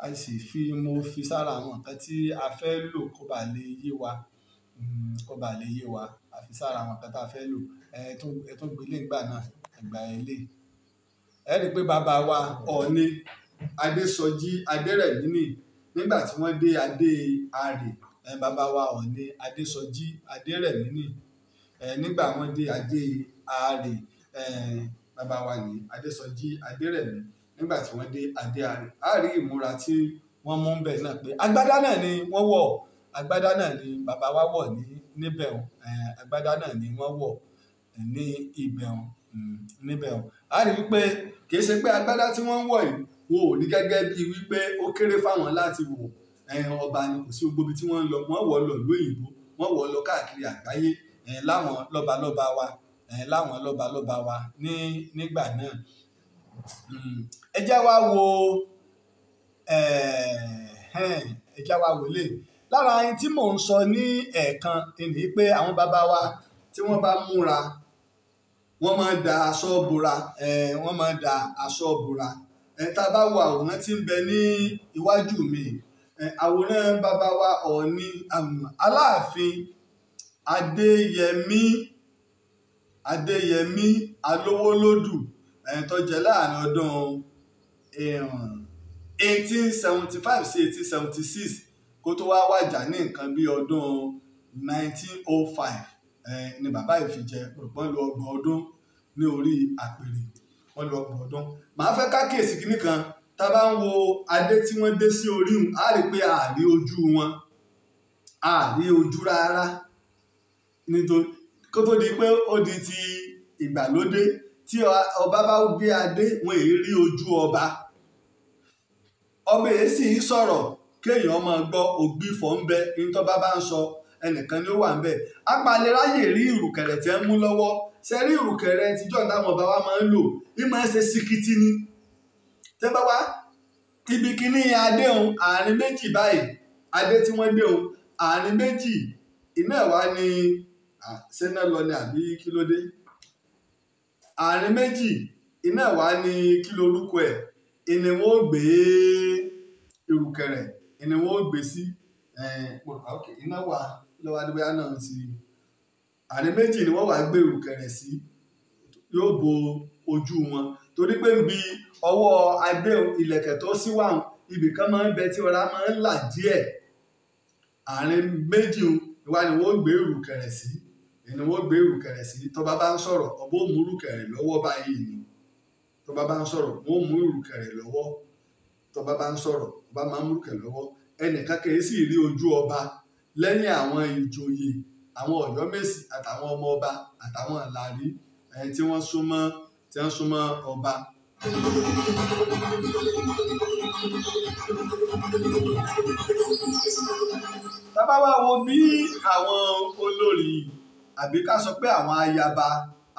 S2: a sì fi mo fi sára àwọn nǹkan tí a fẹ́ lò kó ba lè yé wa hmm, kó ba lè yé wa a fi sára àwọn nǹkan tá a fẹ́ lò ẹ tún gbé lé ìgbà náà ẹgbà ilé ẹ rí i pé bàbá wa Ọọ̀ni Adésọjí Adérẹ̀mínì nígbà tí wọ́n dé adé Arè bàbá wa Ọọ̀ni Adésọjí Adérẹ̀mínì nígbà wọ́n dé adé Arè bàbá wa ní Adésọjí Adérẹ̀mínì nígbà tí wọ́n dé adé ààrẹ a ìmúra tí wọ́n mú ń bẹ̀ náà pé agbádá náà ni wọ́n wọ̀ agbádá náà ni bàbá wa wọ̀ ní níbẹ̀ o eh, agbádá náà ni wọ́n wọ̀ eh, ní ibẹ̀ o hmm, níbẹ̀ o a wípé kìí ṣe pé agbádá tí wọ́n ń yìí wò ní gẹ́gẹ́ bíi wípé ó kéré fáwọn láti wò eh, ọba ni kò sí gbogbo ibi tí wọ́n lọ wọ́n wọ̀ lọ lóyìnbó wọ́n wọ̀ lọ káàkiri àgbáyé láwọn lọ́balọ́ba wa láwọn lọ́balọ́ba wa ní nígbà náà ẹ jẹ́ wá wo ẹ jẹ́ wá wọlé lára ẹni tí mò ń sọ ní ẹ̀ẹ̀kan ni pé àwọn bàbá wa tí wọ́n bá múra wọ́n máa ń da aṣọ bora wọ́n máa ń da aṣọ bora tá bá wo àwòrán tí ń bẹ ní iwájú mi àwòrán bàbá wa ọ̀ọ́ni um, aláàfin adéyẹmí adéyẹmí alówólódù tó jẹ láàrin ọdún eighteen seventy five sí eighteen seventy six kó tó wá wàjà ní nǹkan bí ọdún nineteen oh five ni bàbá yìí fi jẹ òpó lu ọgbọ̀n ọdún ní orí àpèrè wọn lu ọgbọ̀n ọdún màá fẹ́ ká kínní kan tá a bá ń wo adé tí wọ́n dé sí orí hùn á rí i pé a rí ojú wọn a rí ojú rárá nítorí kó tó di pé ó di ti ìgbàlódé tí ọba bá gbé adé wọn èyí rí ojú ọba ọba èyí sì ń sọ̀rọ̀ kéèyàn máa gbọ́ ògbìfọ̀ ń bẹ nítọ́ba bá ń sọ ẹnìkan ni ó wà ń bẹ apalẹ́ráyè rí ìrùkẹ̀rẹ̀ tẹ́ ń mú lọ́wọ́ ṣe ìrùkẹ̀rẹ̀ tíjọ́ táwọn ọba wa máa ń lò ní máa ń ṣe síkítí ni tẹ́ bá wá ibi kíní adé òun àárín méjì báyìí adé tí wọ́n dé òun àárín méjì iná ẹ̀ wá sẹ́nà lọ ni àbí kí àárín méjì iná wa ni kí lorúkọ ẹ̀ ìní wọn ò gbé ìrùkẹ̀rẹ̀ ìní wọn ò gbé sí iná wa lọ́wọ́ adébáyá náà ti àárín méjì ni wọ́n wàá gbé ìrùkẹ̀rẹ̀ sí yóò bo ojú wọn torí pé ń ọwọ́ adé ìlẹ̀kẹ̀ tó síwáhùn ibì kan máa ń bẹ tí ọlá máa ń là díẹ̀ àárín méjì ìwà ni wọ́n gbé ìrùkẹ̀rẹ̀ sí. Si ẹni wọ́n gbé ìrùkẹ̀rẹ̀ sí tọ́ba bá ń sọ̀rọ̀ ọ̀bọ mú ìrùkẹ̀rẹ̀ lọ́wọ́ báyìí ni tọ́ba bá ń sọ̀rọ̀ wọ́n mú ìrùkẹ̀rẹ̀ lọ́wọ́ tọ́ba bá ń sọ̀rọ̀ ọba máa ń mú ìrùkẹ̀rẹ̀ lọ́wọ́ ẹnìkan kìí sì rí ojú ọba lẹ́yìn àwọn ìjòyè àwọn ọ̀yọ́mèsì àtàwọn ọmọ ọba àtàwọn ìlàrí ẹni tí wọ́n súnmọ́ tí wọ́n súnmọ́ ọba. tábà wo bí àwọn olórí àbí ká sọ pé àwọn ayaba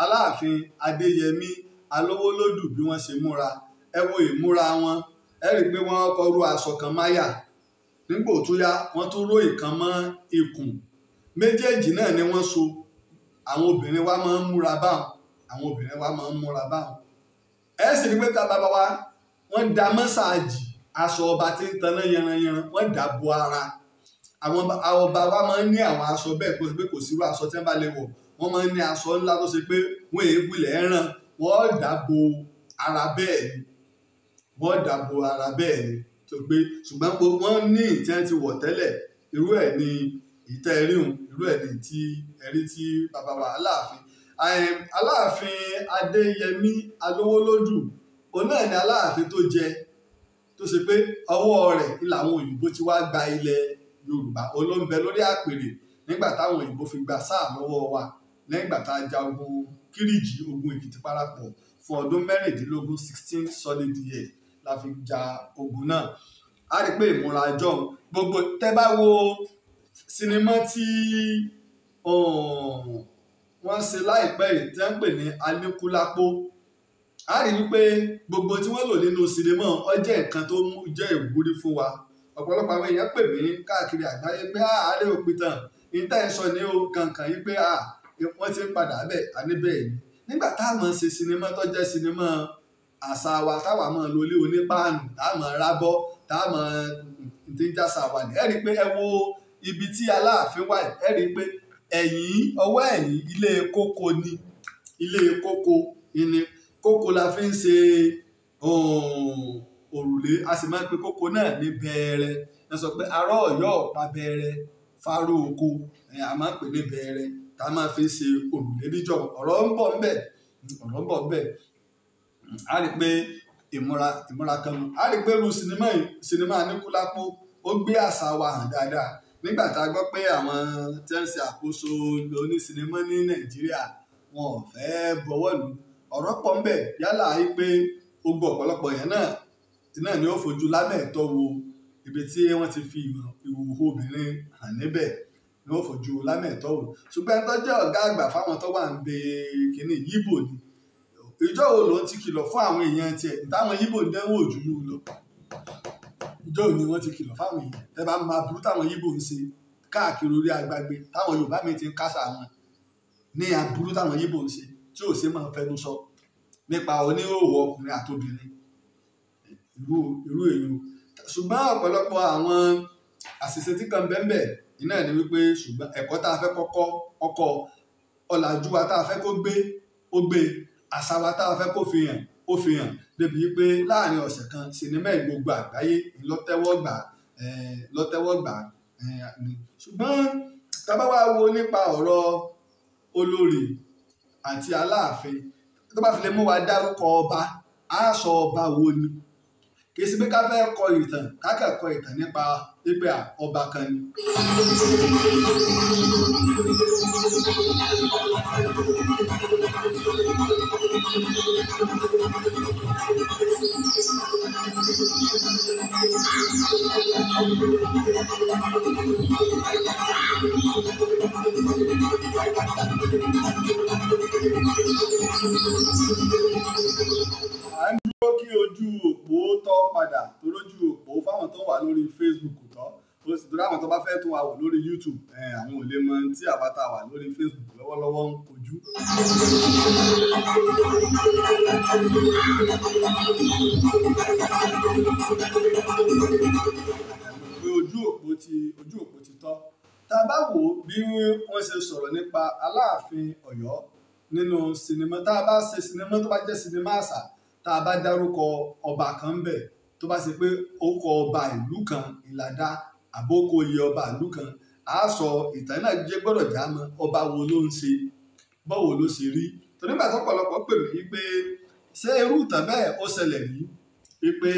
S2: aláàfin adéyẹmí alówólódù bí wọ́n ṣe múra ẹ wo ìmúra wọn ẹ rí i pé wọ́n kọ́ ru aṣọ kan máyà nígbò tó yá wọ́n tún ró ìkan mọ́ ikùn méjèèjì náà ni wọ́n so àwọn obìnrin wa máa ń múra báwọn àwọn obìnrin wa máa ń múra báwọn ẹ sì rí i pé ká wa wọ́n da mọ́sáàjì aṣọ ọba tí ń taná yanranyanran wọ́n dà bo ara àwọn ọba wa máa ń ní àwọn aṣọ bẹ́ẹ̀ kó pé kò sírú aṣọ tí wọ́n bá lè wọ̀ wọ́n máa ń ní aṣọ ńlá tó ṣe pé wọ́n èébú lẹ̀ ń ràn wọ́n dàbò ara bẹ́ẹ̀ ni wọ́n dàbò ara bẹ́ẹ̀ ni tó pé ṣùgbọ́n wọ́n ní ìtẹ́ ti wọ̀ tẹ́lẹ̀ irú ẹ̀ ni ìtẹ́ ríhun irú ẹ̀ ni ti ẹ̀rí ti bàbá wa aláàfin aláàfin adéyẹmí alówólódù òun náà ni aláàfin tó jẹ tó ṣe pé ọwọ́ rẹ̀ làwọn òyìnbó ti wá gba ilẹ̀ yorùbá olóńbẹ lórí àpèrè nígbà táwọn òyìnbó fi gba sáà lọ́wọ́ wa lẹ́yìn ìgbà tá a ja ogun kírìjì ogun èkìtì parapọ̀ fún ọdún mẹ́rìndínlógún sixteen solid year la fi ja ogun náà a rí pé ìmúra àjọ gbogbo tẹ́ bá wo sinimá tí um, wọ́n ṣe láìpẹ́ yìí tẹ́ ń pè ní Aníkúlápó a rí i wípé gbogbo tí wọ́n lò nínú sinimá ó jẹ́ tó jẹ́ ìwúrí fún wa ọ̀pọ̀lọpọ̀ àwọn èèyàn pè mí káàkiri àgbáyé pé àárẹ̀ òpin tán níta ẹ̀ sọ ní o kankan yìí pé wọ́n ti ń padà bẹ̀ àníbẹ̀ yìí nígbà táwọn ṣe sinimá tó jẹ́ sinimá àṣà wa táwa máa lo ilé onípáànù táwọn rábọ́ táwọn ìdíjà ṣàwà ní ẹ rí i pé ẹ wo ibi tí aláàfin wà ẹ rí i pé ẹ̀yìn ọwọ́ ẹ̀yìn ilé kókó ni ilé kókó ni kókó la fi ń ṣe òrùlé a sì máa ń pe kókó náà ní bẹ̀ẹ̀rẹ̀ ẹ sọ pé ará ọ̀yọ́ ọ̀pá bẹ̀ẹ̀rẹ̀ fáró oko a máa ń pè ní bẹ̀ẹ̀rẹ̀ tá a máa fi ṣe òrùlé níjọ ọ̀rọ̀ ń bọ̀ ńbẹ̀ ọ̀rọ̀ ń bọ̀ ńbẹ̀ a rí i pé ìmúra ìmúra kan mu a rí i pé irú sinimá sinimá Aníkúlápó ó gbé àṣà wa hàn dáadáa nígbà tá a gbọ́ pé àwọn tí wọ́n ń ṣe àkóso onísinimá ní Nàìjíríà wọn ò fẹ́ bọwọ́ lù ọ̀rọ̀ pọ̀ ńbẹ̀ yálà yí pé ogun ọ̀pọ̀lọpọ̀ yẹn náà náà ni ó fojú lámẹ̀tọ́ wo ibi tí wọ́n ti fi ìhòòhò obìnrin hàn níbẹ̀ ni ó fojú lámẹ̀tọ́ wò ṣùgbọ́n tó jẹ́ ọ̀gá àgbà fáwọn tó wà ń bẹ kínní yíbò ni ìjọ wo ló ń ti kìlọ̀ fún àwọn èèyàn tiẹ̀ táwọn yíbò ń dẹ́wọ́ òjú yóò lọ ìjọ ni wọ́n ti kìlọ̀ fáwọn èèyàn tẹ́ bá máa burú táwọn yíbò ń ṣe káàkiri orí agbágbé táwọn Yorùbá mi ti ń kásà wọn ní aburú táwọn yíbò ń ṣe tí ò sí máa fẹnu sọ nípa oníròwò ọkùnrin àtobìnrin irú èyí ṣùgbọ́n ọ̀pọ̀lọpọ̀ àwọn àṣìṣe tí kan bẹ́ẹ̀ bẹ́ẹ̀ iná ẹ̀ ni wípé ṣùgbọ́n ẹ̀kọ́ tá a fẹ́ kọ́kọ́ ọkọ̀ ọ̀làjú wa tá a fẹ́ kó gbé ó gbé àṣà wa tá a fẹ́ kó fi hàn ó fi hàn débi pé láàrin ọ̀sẹ̀ kan sinimá ìgbogbo àgbáyé lọ́tẹ́wọ́ gbà lọ́tẹ́wọ́ ṣùgbọ́n tábà wo nípa ọ̀rọ̀ olórí àti aláàfin tó bá fi lè mú wa dárúkọ ọba á ọba wo ni kì í sí pé ká fẹ́ kọ ìtàn ká kẹ́ kọ ìtàn nípa pípẹ́ ọba kan ni. Thank you dúró kí ojú òpó tọ́ padà tó òpó fáwọn tó wà lórí Facebook tọ́ ó sì dúró àwọn tó bá fẹ́ tún wa wò lórí YouTube àwọn ò lè mọ tí àbáta wà lórí Facebook lọ́wọ́lọ́wọ́ ń kojú. ojú òpó ti tọ́ tá a bí wọ́n ṣe sọ̀rọ̀ nípa Aláàfin Ọ̀yọ́ nínú sinimá tá a bá ṣe sinimá tó bá jẹ́ sinimá àṣà tá a bá dárúkọ ọba kan bẹ̀ tó bá ṣe pé orúkọ ọba ìlú kan ìlàdá àbókòye ọba ìlú kan á sọ ìtàn náà jẹ́ gbọ́dọ̀ já mọ́ ọba wo ló ń ṣe báwo ló ṣe rí torí gbà tọ́pọ̀lọpọ̀ pè mí pé ṣé irú ìtàn bẹ́ẹ̀ ó ṣẹlẹ̀ rí wípé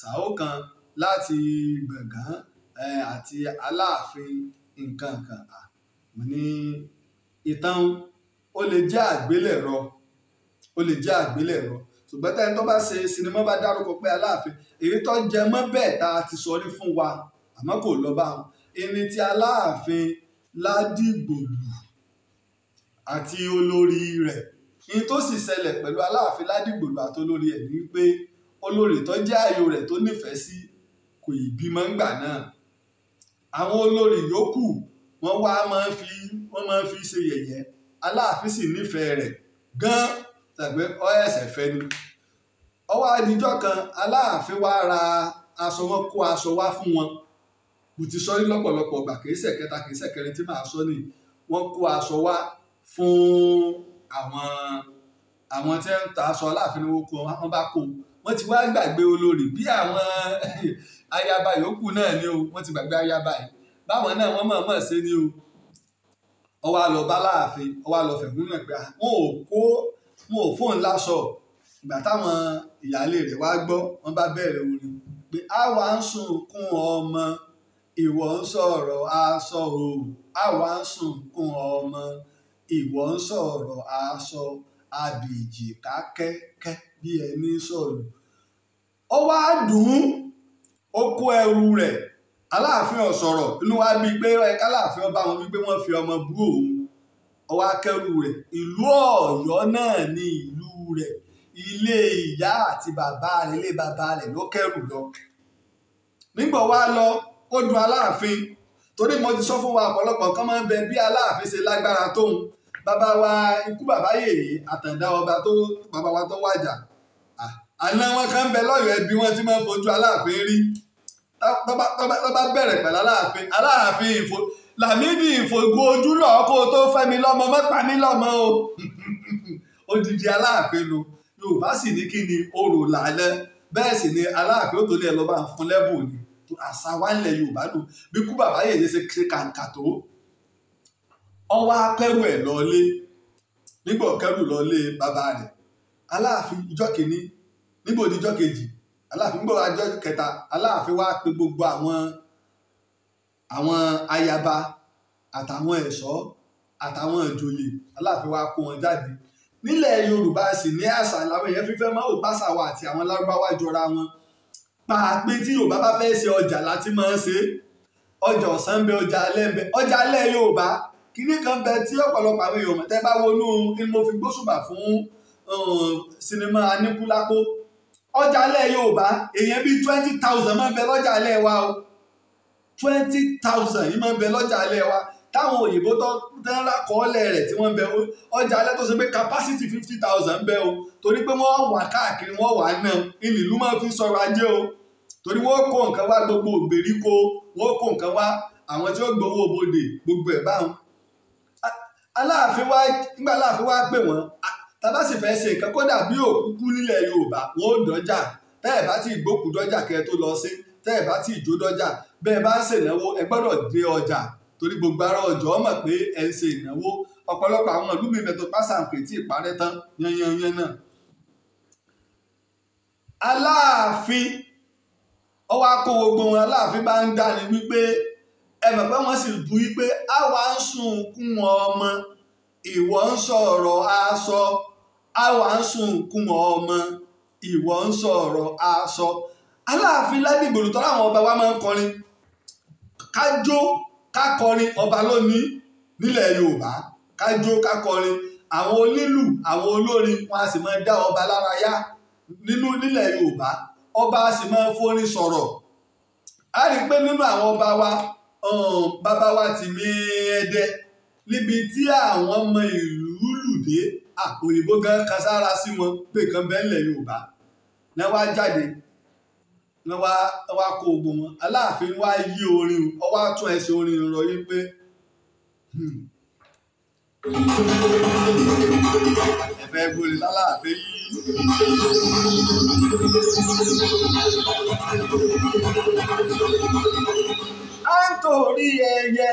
S2: ṣàó kan láti gbọ̀ngàn àti aláàfin nǹkan kan mo ní ìtàn ó lè jẹ́ àgbélẹ̀rọ ó lè jẹ́ àgbélẹ̀rọ ṣùgbọ́n tẹ́ni tó bá ṣe sinimá bá dárúkọ pé aláàfin èyí tó jẹ mọ́ bẹ́ẹ̀ tá a ti sọrí fún wa àmọ́ kò lọ bá wọn ẹni tí aláàfin ládìgbòlù àti olórí rẹ̀ ní tó sì ṣẹlẹ̀ pẹ̀lú aláàfin ládìgbòlù àti olórí ẹ̀ ní pé olórí tó jẹ́ ààyò rẹ̀ tó nífẹ̀ẹ́ sí kò ì bímọ ńgbà náà àwọn olórí yòókù wọ́n wá máa ń fi wọ́n máa ń fi ṣe yẹ̀yẹ́ aláàfin sì nífẹ̀ẹ́ rẹ̀ gan-an tàgbé ọ̀ẹ́sẹ̀ fẹ́ ni. ọwọ́ adijọ́ kan aláàfin wa ra aṣọ wọn kó aṣọ wá fún wọn mo ti sọ rí lọ́pọ̀lọpọ̀ ọgbà kìí ṣẹ̀kẹta kìí ṣẹ̀kẹrin tí màá sọ ni wọ́n kó aṣọ wá fún àwọn àwọn tí ń ta aṣọ aláàfin owó kó wọn bá kó wọn ti wá gbàgbé olórí bí àwọn <laughs> ayaba yòókù náà ni o wọn ti gbàgbé ayaba yìí báwọn náà wọn mọ̀ọ́mọ̀ ṣe ni o ọwọ́ àlọ́ bá láàfin ọwọ́ àlọ́ fẹ̀hún náà pé wọn ò kó wọn ò fóun láṣọ ìgbà táwọn ìyáálé rẹ̀ wá gbọ́ wọ́n bá bẹ̀rẹ̀ orin pé àwa ń sunkún ọmọ ìwọ ń sọ̀rọ̀ aṣọ a àwa ń sunkún ọmọ ìwọ ń sọ̀rọ̀ aṣọ abìjìká kẹ́kẹ́ bí ẹni sọ̀rọ̀ ó wá dùn ó kó ẹrù rẹ̀ aláàfin ọ̀sọ̀rọ̀ inú wa bíi pé ẹ̀ka aláàfin ọba wọn bíi pé wọ́n fi ọmọ bú òun ọwọ́ akẹ́rù rẹ̀ ìlú ọ̀yọ́ náà ni ìlú rẹ̀ ilé ìyá àti bàbá rẹ̀ ilé bàbá rẹ̀ ló kẹ́rù lọ nígbà wá lọ ó dùn aláàfin torí mo ti sọ fún wa ọ̀pọ̀lọpọ̀ kan máa ń bẹ bí aláàfin ṣe lágbára tóun bàbá wa ikú bàbá yèyé àtàndá ọba tó bàbá wa tó wájà àná wọn kan bẹ lọ́yọ̀ọ́ ẹbí wọn ti máa ń fojú aláàfin rí tọ́ba bẹ̀rẹ̀ pẹ̀lú aláàfin aláàfin ìfò làmídì ìfògo ojú náà kó o tó fẹ́ mi lọ́mọ mọ́ta mi lọ́mọ o <laughs> odidi aláàfin lu yorùbá sì ní kí ni orò lálẹ́ bẹ́ẹ̀ sì ni aláàfin ó tó lé ẹ lọ́ba fún lẹ́bùn ni àṣà wa ńlẹ̀ yorùbá lù bí kú bàbá yèyé ṣe kàǹkà tó ọwọ́ akẹ́rù ẹ̀ lọ́lé nígbà ọ̀kẹ́rù lọ́lé bàbá rẹ̀ aláàfin ìjọ kìíní nígbà òdìjọ kejì aláàfin gbọ́ àjọ kẹta aláàfin wá pe gbogbo àwọn àwọn ayaba àtàwọn ẹ̀ṣọ́ àtàwọn ìjòyè aláàfin wa kó wọn jáde nílẹ̀ yorùbá sì ní àṣà làwọn èèyàn fífẹ́ máa wò pàṣà wa àti àwọn lárúbáwá jọra wọn pàápín tí yorùbá bá fẹ́ ṣe ọjà láti máa ṣe ọjà ọ̀sán ń bẹ ọjà alẹ́ ń bẹ ọjà alẹ́ yorùbá kínní kan bẹ tí ọ̀pọ̀lọpọ̀ àwọn èèyàn tẹ́ bá wọnú ni mo fi gbóṣùbà fún sinimá aníkúlápó ọjà alẹ́ yorùbá èèyàn bíi twenty thousand máa ń bẹ lọ́jà alẹ́ wa o twenty thousand yìí máa ń bẹ lọ́jà alẹ́ wa táwọn òyìnbó tó dára kọ́ọ́lẹ̀ rẹ̀ tí wọ́n ń bẹ ọjà alẹ́ tó ṣe pé capacity fifty thousand ń bẹ o torí pé wọ́n wà káàkiri wọ́n wà náà ilẹ̀ ìlú máa fi sọ̀rọ̀ ajé o torí wọ́n kó nǹkan wá gbogbo ìgbèríko wọ́n kó nǹkan wá àwọn tí ó gbowó bodè gbogbo ẹ̀ báwọn. aláàfin wa nígbà aláàfin wa pè wọ́n tàbá sì fẹ́ ṣe nǹkan kódà bí òkú kú nílẹ̀ Yorùbá wọ́n ò dọ́jà bẹ́ẹ̀ bá ti gbókùú dọ́jà kẹ́ tó lọ sí tẹ́ ẹ̀ bá tí ìjó dọ́jà bẹ́ẹ̀ bá ń ṣènáwó ẹ gbọ́dọ̀ gbé ọjà torí gbogbo ara ọjọ́ mọ̀ pé ẹ ń ṣe ìnáwó ọ̀pọ̀lọpọ̀ àwọn ìlú mi mẹ́tò pásánpé tí ìparẹ́ tán yanyanyan náà. aláàfin ọwọ́ akó gbogbo wọn aláàfin bá ń dání wípé ẹ mọ̀ pé wọ́n sì bu wípé àwa ń sunkún wọn ọmọ ìwọ ń sọ̀rọ̀ aṣọ àwa ń sunkún wọn ọmọ ìwọ ń sọ̀rọ̀ aṣọ aláàfin lábì ìgbòlù tọ́lá àwọn ọba wa máa ń kọrin kájó kákọrin ọba lónìí nílẹ̀ yorùbá kájó kákọrin àwọn onílù àwọn olórin wọn a sì máa dá ọba lára yá nínú nílẹ̀ yorùbá ọba a sì máa forin sọ̀rọ̀ a rí i pé nínú àwọn ọba wa um, bàbá wa ti mí ẹdẹ níbi tí àwọn ọmọ ìlú lùdé òyìnbó gan kan sí wọn pé kan bẹ́ẹ̀ nílẹ̀ yorùbá lẹ́wọ́n á jáde ni wọ́n wá kó ogun wọn aláàfin wá yí orin ọ wá tún ẹsẹ̀ orin rọ yí pé hmm. ẹ̀fẹ̀ gbolè lálàáfin yí. a ń torí ẹyẹ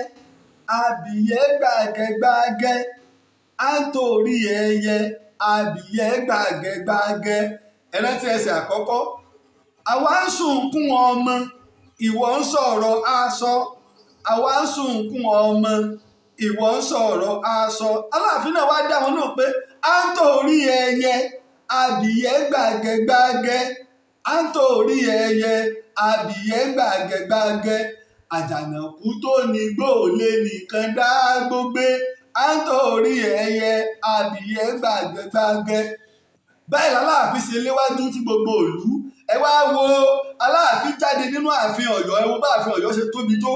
S2: abìyẹ́ gbàgẹ́gbàgẹ́ a ń torí ẹyẹ abìyẹ́ gbàgẹ́gbàgẹ́ ẹ̀rẹ́tì ẹsẹ̀ àkọ́kọ́ àwa ń sunkún ọmọ ìwọ ń sọ̀rọ̀ aṣọ àwa ń sunkún ọmọ ìwọ ń sọ̀rọ̀ aṣọ aláàfin náà wá dá wọn náà pé à ń torí ẹyẹ adìyẹ gbàgẹgbàgẹ à ń torí ẹyẹ adìyẹ gbàgẹgbàgẹ àjànàkú tó ní gbòòlé nìkan dá gbogbo à ń torí ẹyẹ adìyẹ gbàgẹgbàgẹ bẹ́ẹ̀ làláàfin ṣe léwájú tí gbogbo ìlú ẹ wá wo aláàfin jáde nínú ààfin Ọ̀yọ́ ẹ wo bá ààfin Ọ̀yọ́ ṣe tóbi tó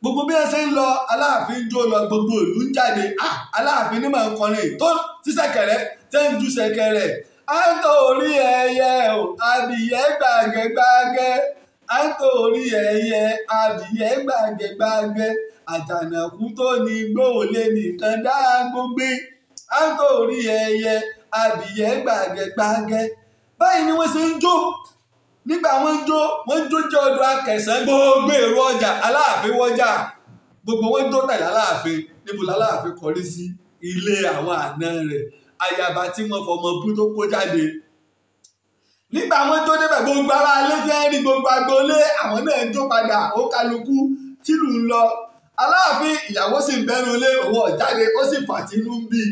S2: gbogbo bí ẹ ṣe ń lọ aláàfin jó lọ gbogbo ìlú ń jáde ah! aláàfin ní màá kọrin tó ti ṣẹ̀kẹ̀rẹ̀ tẹ ń ju ṣẹ̀kẹ̀rẹ̀ à ń tò orí ẹyẹ o adìyẹ gbàgẹgbàgẹ à ń tò orí ẹyẹ adìyẹ gbàgẹgbàgẹ àjànàkú tó ní igbó nìkan dáa gbogbo à ń tò orí ẹyẹ adìyẹ gbàgẹgbàgẹ báyìí ni wọ́n ṣe ń jó nígbà wọ́n ń jó wọ́n ń jó jẹ́ ọdún akẹsàn gbogbo èrò ọjà aláàfin wọ́jà gbogbo wọ́n ń jó tẹ̀lé aláàfin níbo láláàfin kọrí sí ilé àwọn àna rẹ̀ ayaba tí wọ́n fọmọ bú tó kó jáde nígbà wọ́n tó débẹ̀ gbogbo ara alé fẹ́ rí gbogbo agboolé àwọn náà ń jó padà ó kálukú tìlù ń lọ aláàfin ìyàwó sì ń bẹnu lé òun ọ̀jáde ó sì fàtínú ń bíi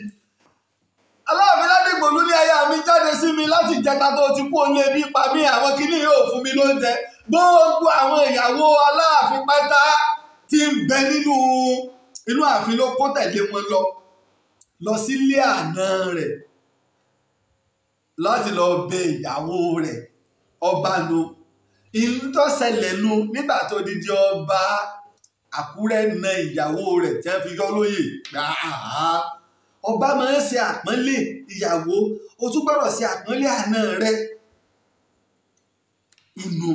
S2: aláàfin ládìgbòlú ní aya mi jáde sí mi láti ìjẹta tó ti kú olè bí pa mí àwọn kìíní yóò fún mi lóúnjẹ gbogbo àwọn ìyàwó aláàfin pátá ti ń bẹ nínú inú ààfin ló kó tẹ̀lé wọn lọ lọ sílé àná rẹ̀ láti lọ bẹ ìyàwó rẹ̀ ọba nu ìlú tó ṣẹlẹ̀ nu nígbà tó didi ọba Àkúrẹ́ na ìyàwó rẹ̀ tí fi yọ lóyè gbàgbà ọba máa ń ṣe àpọ́nlé ìyàwó o tún gbọ́dọ̀ ṣe àpọ́nlé àna rẹ inú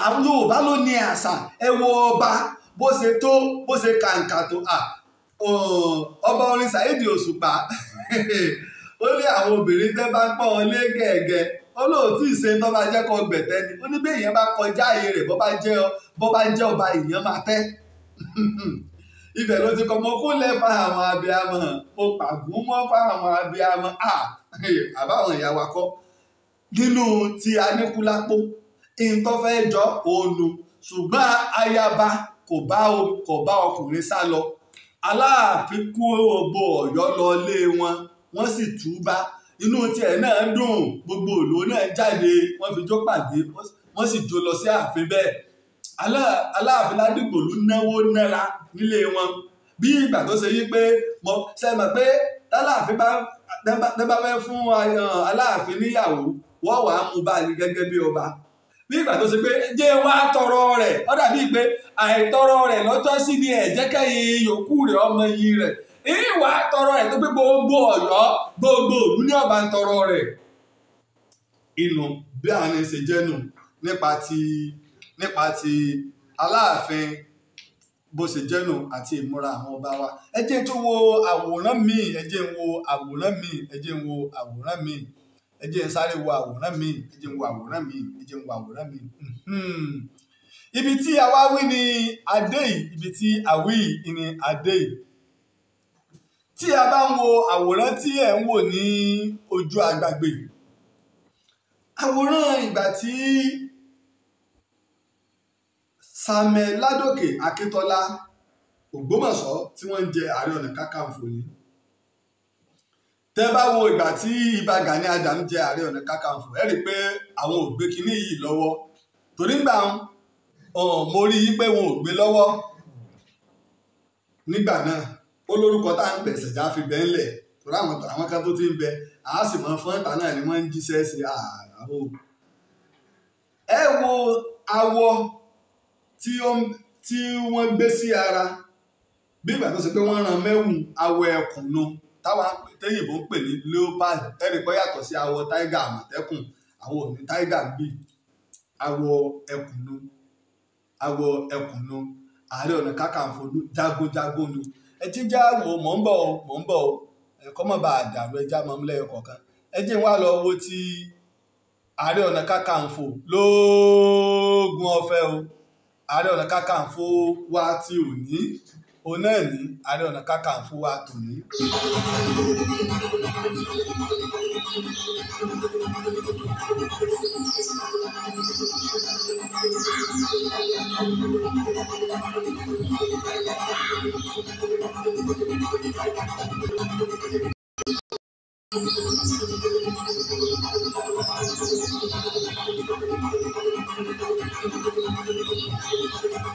S2: Yorùbá ló ní àṣà ẹ wo ọba bó ṣe tó bó ṣe kàǹkà tó ọba orin Saheed Òṣùpá <laughs> ó ní àwọn obìnrin tẹ́ bá ń pọ̀ wọn lé gẹ̀ẹ́gẹ́ ó lóun tí ì ṣe tó bá jẹ́ kó gbẹ̀tẹ́ ni ó ní bí èèyàn bá kọjá ààyè rẹ̀ bó bá jẹ́ ọba èèyàn máa tẹ́ <laughs> ibẹ̀ ló ti kọ́ mọ kó lẹ́ fáwọn abiyamọ mo pàgùn mọ́ fáwọn abiyamọ àbáwọn ìyá wa kọ́ nínú ti aníkúlápó ìǹtọ́fẹ́ jọ òòlù ṣùgbọ́n ayaba kò bá kò bá ọkùnrin sá lọ aláàfin kú ògbó ọ̀yọ́ lọ lé wọn wọ́n sì túbá inú tiẹ̀ náà dùn gbogbo òlò náà jáde wọ́n fi jó pàdé wọ́n sì jó lọ sí ààfin bẹ́ẹ̀ aláàfin ládìgbòlú náwó nára nílé wọn bí ìgbà tó ṣe yí pé mo sẹ́mi pé tálàfin bá tẹ́bá fẹ́ fún uh, aláàfin níyàwó wọ́n wàá mú bá ní gẹ́gẹ́ bí ọba bí ìgbà tó ṣe pé jẹ́ wá tọrọ rẹ̀ ó dàbí pé àìtọrọ rẹ̀ lọ́jọ́ sí ni ẹ̀jẹ̀kẹ́yìn yòókù rẹ̀ ọmọ yìí rẹ̀ ìwà tọrọ rẹ̀ tó pé gbogbo Ọ̀yọ́ gbogbo òlú ní ọba ń tọrọ rẹ̀ inú bí àárín ṣe jẹ́nu nípa ti nípa ti aláàfin bó ṣe jẹ́nu àti ìmúra àwọn ọba wa ẹ tó wo àwòrán míì ẹ jẹ́ wo àwòrán míì ẹ jẹ́ wo àwòrán míì ẹ jẹ́ sáré wo àwòrán míì ẹ jẹ́ wo àwòrán míì ẹ jẹ́ wo àwòrán míì hmm. ibi tí a wá wí ni adé ibi tí a wí ni adé yìí tí a bá ń wo àwòrán tí ẹ̀ ń wò ní ojú agbàgbé àwòrán ìgbà tí samuel ládòkè akitola ògbómọ̀ṣọ́ tí wọ́n ń jẹ ààrẹ ọ̀nà kákàǹfò ni tẹ́ bá wo ìgbà tí ibà Gani Adam jẹ ààrẹ ọ̀nà kákàǹfò ẹ rí i pé àwọn ò gbé kinní yìí lọ́wọ́ torí gbà mo rí i pé wọn ò gbé lọ́wọ́ nígbà náà ó lórúkọ tá à ń pẹ̀sẹ̀ já fi bẹ́ẹ̀ lẹ̀ torí àwọn àwọn kan tó ti ń bẹ àá sì mọ fọ́ńtà náà ni wọ́n ń jíṣẹ́ sí àárò ẹ wo awọ tí wọ́n gbé sí ara bí ìgbà tó ṣe pé wọ́n ran mẹ́wùn awọ ẹkùn nu táwa tẹ́yìnbó ń pè ní leopard ẹnì yàtọ̀ sí awọ tiger àmọ̀tẹ́kùn àwọn òní tiger ń bì awọ ẹkùn nu awọ ẹkùn nu ààrẹ ọ̀nà kákàǹfò jagunjagun nu ẹ ti já wo mò ń bọ̀ mò ń bọ̀ ẹ̀kọ́ mọ̀ bá a dàrú ẹja mọ̀ ń lẹ́yìn kọ̀ọ̀kan ẹ jẹ́ wá lọ wo ti ààrẹ ọ̀nà kákàǹfò lóògùn ọ̀fẹ́ o ààrẹ ọ̀nà kákàǹfò wa ti òní òun náà ní ààrẹ ọ̀nà kákàǹfò wa tòní. Thank you.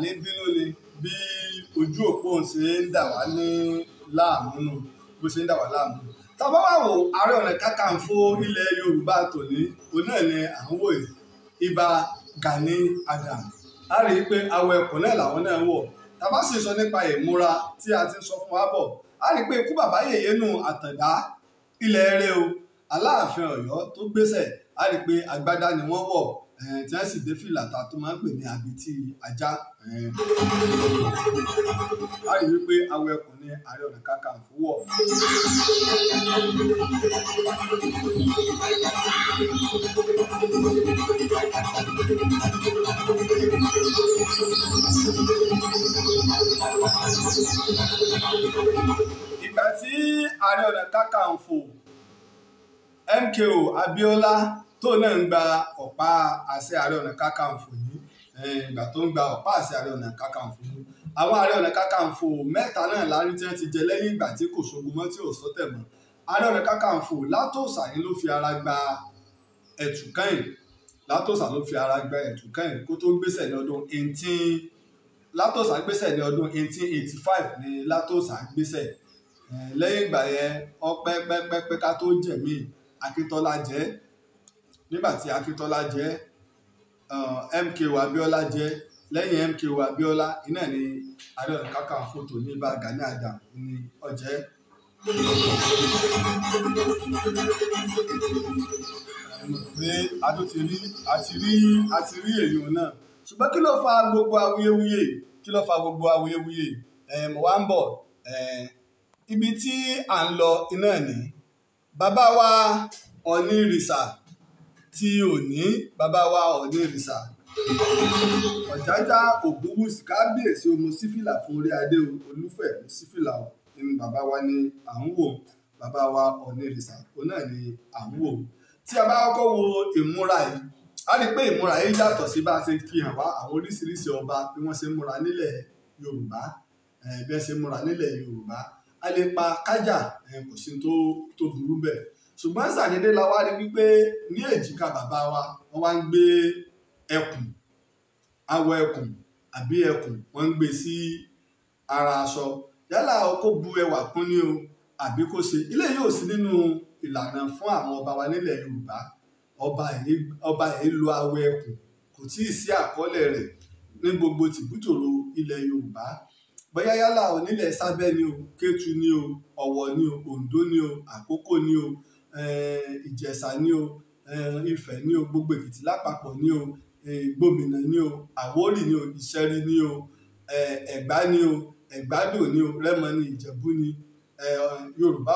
S2: ní bínú ni bí ojú òpó ń ṣe ń dà wá ní láàmú nù bó ṣe ń dà wá láàmú. tàbá wà wò ààrẹ ọ̀nà kákàǹfò ilẹ̀ yorùbá tòní òun náà ni à ń wò yìí ibà gani adam a rí i pé awọ ẹkùn náà làwọn náà ń wọ̀ tàbá sì sọ nípa ìmúra tí a ti ń sọ fún wa bọ̀ a rí i pé ikú bàbá yèyé nù àtàndá ilẹ̀ rẹ o aláàfin ọ̀yọ́ tó gbéṣẹ̀ a rí i pé agbádá ni wọ́n wọ̀ Eh, tí wọ́n sì dé fìlà ta tó máa ń pè ní àbítí ajá eh. a rí wípé awọ ẹkùn ni Ààrẹ Ọ̀nà Kakanfò wọ̀. ìgbà tí Ààrẹ Ọ̀nà Kakanfò MKO abiola tó náà ń gba ọ̀pá àṣẹ ààrẹ ọ̀nà kákàǹfò ní ìgbà tó ń gba ọ̀pá àṣẹ ààrẹ ọ̀nà kákàǹfò ní àwọn ààrẹ ọ̀nà kákàǹfò mẹ́ta náà lárí tí wọ́n ti jẹ lẹ́yìn ìgbà tí kò ṣogun mọ́ tí ò sọ́tẹ̀ mọ́ ààrẹ ọ̀nà kákàǹfò látòsà yín ló fi ara gba ẹ̀tùkẹ́yìn látòsà ló fi ara gba ẹ̀tùkẹ́yìn kó tó gbéṣẹ̀ ní ọdún 18 látòsà gbéṣẹ̀ ní ọdún 1885 ni látòsà gbéṣẹ̀ lẹ́yìn ìgbà yẹn ọpẹ́pẹ́pẹ́ ká tó jẹ̀mí akíntọ́lá jẹ́ nígbà akíntola jẹ eh, mko abiola jẹ lẹ́yìn mko abiola iná ni ààrẹ ọ̀nà kakanfò tó ní bá gani adam ní ọjẹ́. pé a tún ti rí a ti rí a ti rí èèyàn náà ṣùgbọ́n kí ló fa gbogbo awuyewuye kí ló fa gbogbo awuyewuye eh, mo wá ń bọ̀ eh, ibi tí à ń lọ iná ni bàbá wa ọ̀ní rìsà ti òní bàbá wa ọ̀ní ìrìsà ọ̀jájá ògbówùsì kábíyèsí ọmọ sífìlà fún orí adé olúfẹ̀ sífìlà nínú bàbá wa ni à bàbá wa ọ̀ní ìrìsà òun náà ni à ń wò tí a bá kọ́kọ́ wo ìmúra yìí a rí i pé ìmúra yìí yàtọ̀ sí bá a ṣe fi hàn wá àwọn oríṣiríṣi ọba bí wọ́n ṣe múra nílẹ̀ yorùbá eh, bí wọ́n ṣe múra nílẹ̀ yorùbá a lè pa kájà eh, kò sí tó burú bẹ́ẹ̀ ṣùgbọ́n ṣàdédé la wá rí wípé ní èjìká bàbá wa wọ́n wá ń gbé ẹkùn awọ ẹkùn àbí ẹkùn wọ́n ń gbé sí ara aṣọ yálà kó bu ẹwà kún ní o àbí kó ṣe ilé yóò sí nínú ìlànà fún àwọn ọba wa nílẹ̀ yorùbá ọba yìí lo awọ ẹkùn kò tí ì sí àkọọ́lẹ̀ rẹ̀ ní gbogbo tìbútòrò ilẹ̀ yorùbá bóyá yálà onílẹ̀ sábẹ́ ni o kétu ni o ọ̀wọ̀ ni o oǹdó ni o àkókò ni o ìjẹ̀ṣà ní o ifẹ̀ ní o gbogbo èkìtì lápapọ̀ ní o gbòmìnà ní o àwórì ni o ìṣẹ́rí ni o ẹ̀gbá ní o ẹ̀gbádò ní o rẹ́mọ ní ìjẹ̀bú ní yorùbá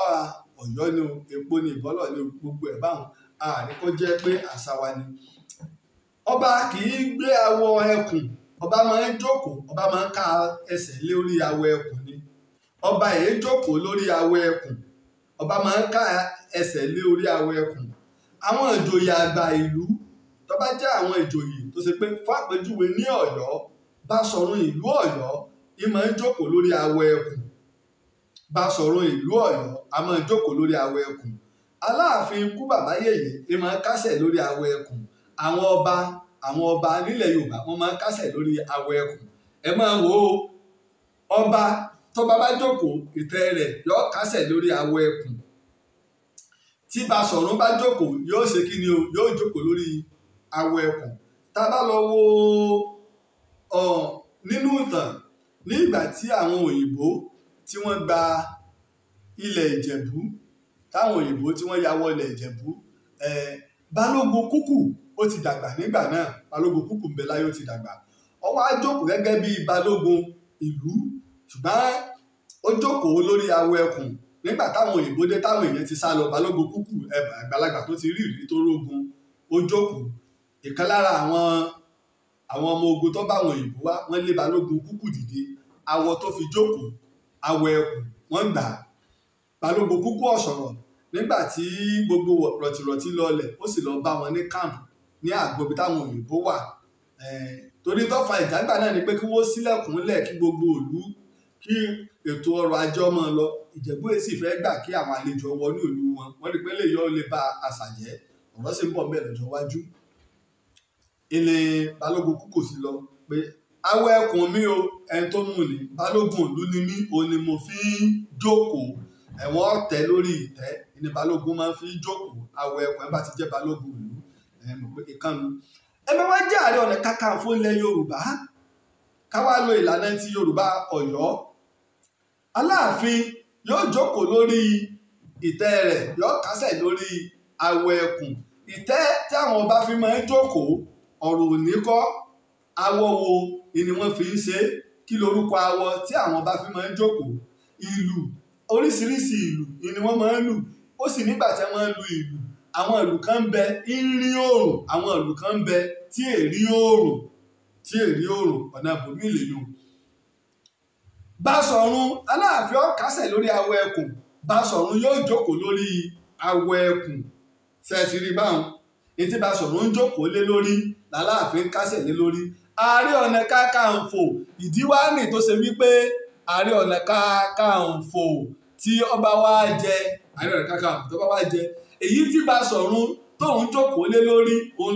S2: ọ̀yọ́ ní o èpo ní ìbọ́lọ̀ ní o gbogbo ẹ̀ báwọn àní kó jẹ́ pé àṣà wa ni. ọba kì í gbé awọ ẹkùn ọba máa ń jókòó ọba máa ń ka ẹsẹ̀ lórí awọ ẹkùn ni ọba èé jókòó lórí awọ ẹkùn ọba máa ń ka ẹsẹ̀ lé orí awọ ẹkùn àwọn ìjòyè àgbà ìlú tó bá jẹ́ àwọn ìjòyè tó ṣe pé fàpèjúwe ní ọ̀yọ́ Báṣọ̀run ìlú ọ̀yọ́ ìmọ̀ ń jókòó lórí awọ ẹkùn Báṣọ̀run ìlú ọ̀yọ́ àmọ́ ń jókòó lórí awọ ẹkùn aláàfin ikú bàbá yèyé ìmọ̀ ń kásẹ̀ lórí awọ ẹkùn àwọn ọba àwọn ọba nílẹ̀ yorùbá wọ́n máa ń kásẹ̀ lórí awọ ẹkùn ẹ máa wò ó ọba tọba bá jókòó ìtẹ́ rẹ̀ yọ kásẹ̀ lórí awọ ẹkùn tí Basọ̀run bá jókòó yóò ṣe kí ni o yóò jókòó lórí awọ ẹkùn tá a bá lọ wo ọ nínú ìtàn ní ìgbà tí àwọn òyìnbó tí wọ́n gba ilẹ̀ Ìjẹ̀bú táwọn òyìnbó tí wọ́n ya wọ ilẹ̀ Ìjẹ̀bú ẹ̀ Balógun Kúkù ó ti dàgbà nígbà náà Balógun Kúkù ń bẹ láyé ó ti dàgbà ó wá jókòó gẹ́gẹ́ bíi Balógun ìlú ṣùgbọ́n ó jókòó lórí awọ ẹkùn nígbà táwọn òyìnbó dé táwọn èèyàn ti sá lọ balógun kúkú ẹ̀bà àgbàlagbà tó ti rí ìrírí tó rógun ó jókòó ìkan lára àwọn àwọn ọmọ ogun tó bá àwọn òyìnbó wá wọ́n lé balógun kúkú dìde awọ tó fi jókòó awọ ẹkùn wọ́n gbà balógun kúkú ọ̀sọ̀rọ̀ nígbà tí gbogbo rọ̀tìrọ̀tì lọlẹ̀ ó sì lọ bá wọn ní camp ní àgbòbí táwọn òyìnbó wà torí tó fa ìjàgbá náà ni pé kí wọ́n ṣílẹ̀kùn lẹ̀ kí gbogbo ìlú kí ètò ọrọ̀ ajé ọmọ lọ ìjẹ̀bú èsì fẹ́ gbà kí àwọn àlejò wọnú ìlú wọn wọ́n ní pé lè yọ lè ba àṣà jẹ́ ọ̀rọ̀ sì ń bọ̀ mẹ́rin ọjọ́ iwájú ilé balógun kúkò sí lọ pé awọ ẹkùn mi o ẹni tó mú ni balógun ìlú ni mí o ni mo fi ń jókòó ẹ̀wọ̀n ọ̀tẹ̀ lórí ìtẹ́ ni balógun máa ń fi ń jókòó awọ ẹkùn ẹ bá ti jẹ́ balógun ìlú ẹ̀mọ̀ pé ìkànnì ẹgbẹ́ wá jẹ́ Ààrẹ Ọ̀nà Kakanfò ilẹ̀ Yorùbá káwá lo ìlànà ti Yorùbá Ọ̀yọ́ aláàfin yóò jókòó lórí ìtẹ́ rẹ̀ yóò kásẹ̀ lórí awọ ẹkùn ìtẹ́ tí àwọn ọba fi máa ń jókòó ọ̀rọ̀ òní kọ́ awọ wo ni wọ́n fi ń ṣe kí lorúkọ awọ tí àwọn ọba fi máa ń jókòó ìlù oríṣiríṣi ìlù ni wọ́n máa ń lù ó sì nígbà tí wọ́n lu ìlù àwọn ìlù kan ń bẹ ń rí oòrùn àwọn ìlù kan ń bẹ tí èrí oòrùn tí èrí oòrùn ọ̀nà àbòmí lè lò Basọ̀run Aláàfin ó kásẹ̀ lórí awọ ẹkùn Basọ̀run yóò jókòó lórí awọ ẹkùn ṣẹ̀sìrì báwọn etí Basọ̀run ń jókòó lé lórí làláàfin kásẹ̀ lé lórí Ààrẹ Ọ̀nà Kakanfò ìdíwánì tó ṣe wípé Ààrẹ Ọ̀nà Kakanfò tí ọba wa jẹ Ààrẹ Ọ̀nà Kakanfò tí ọba wa jẹ èyí tí Basọ̀run tóun jókòó lé lórí òun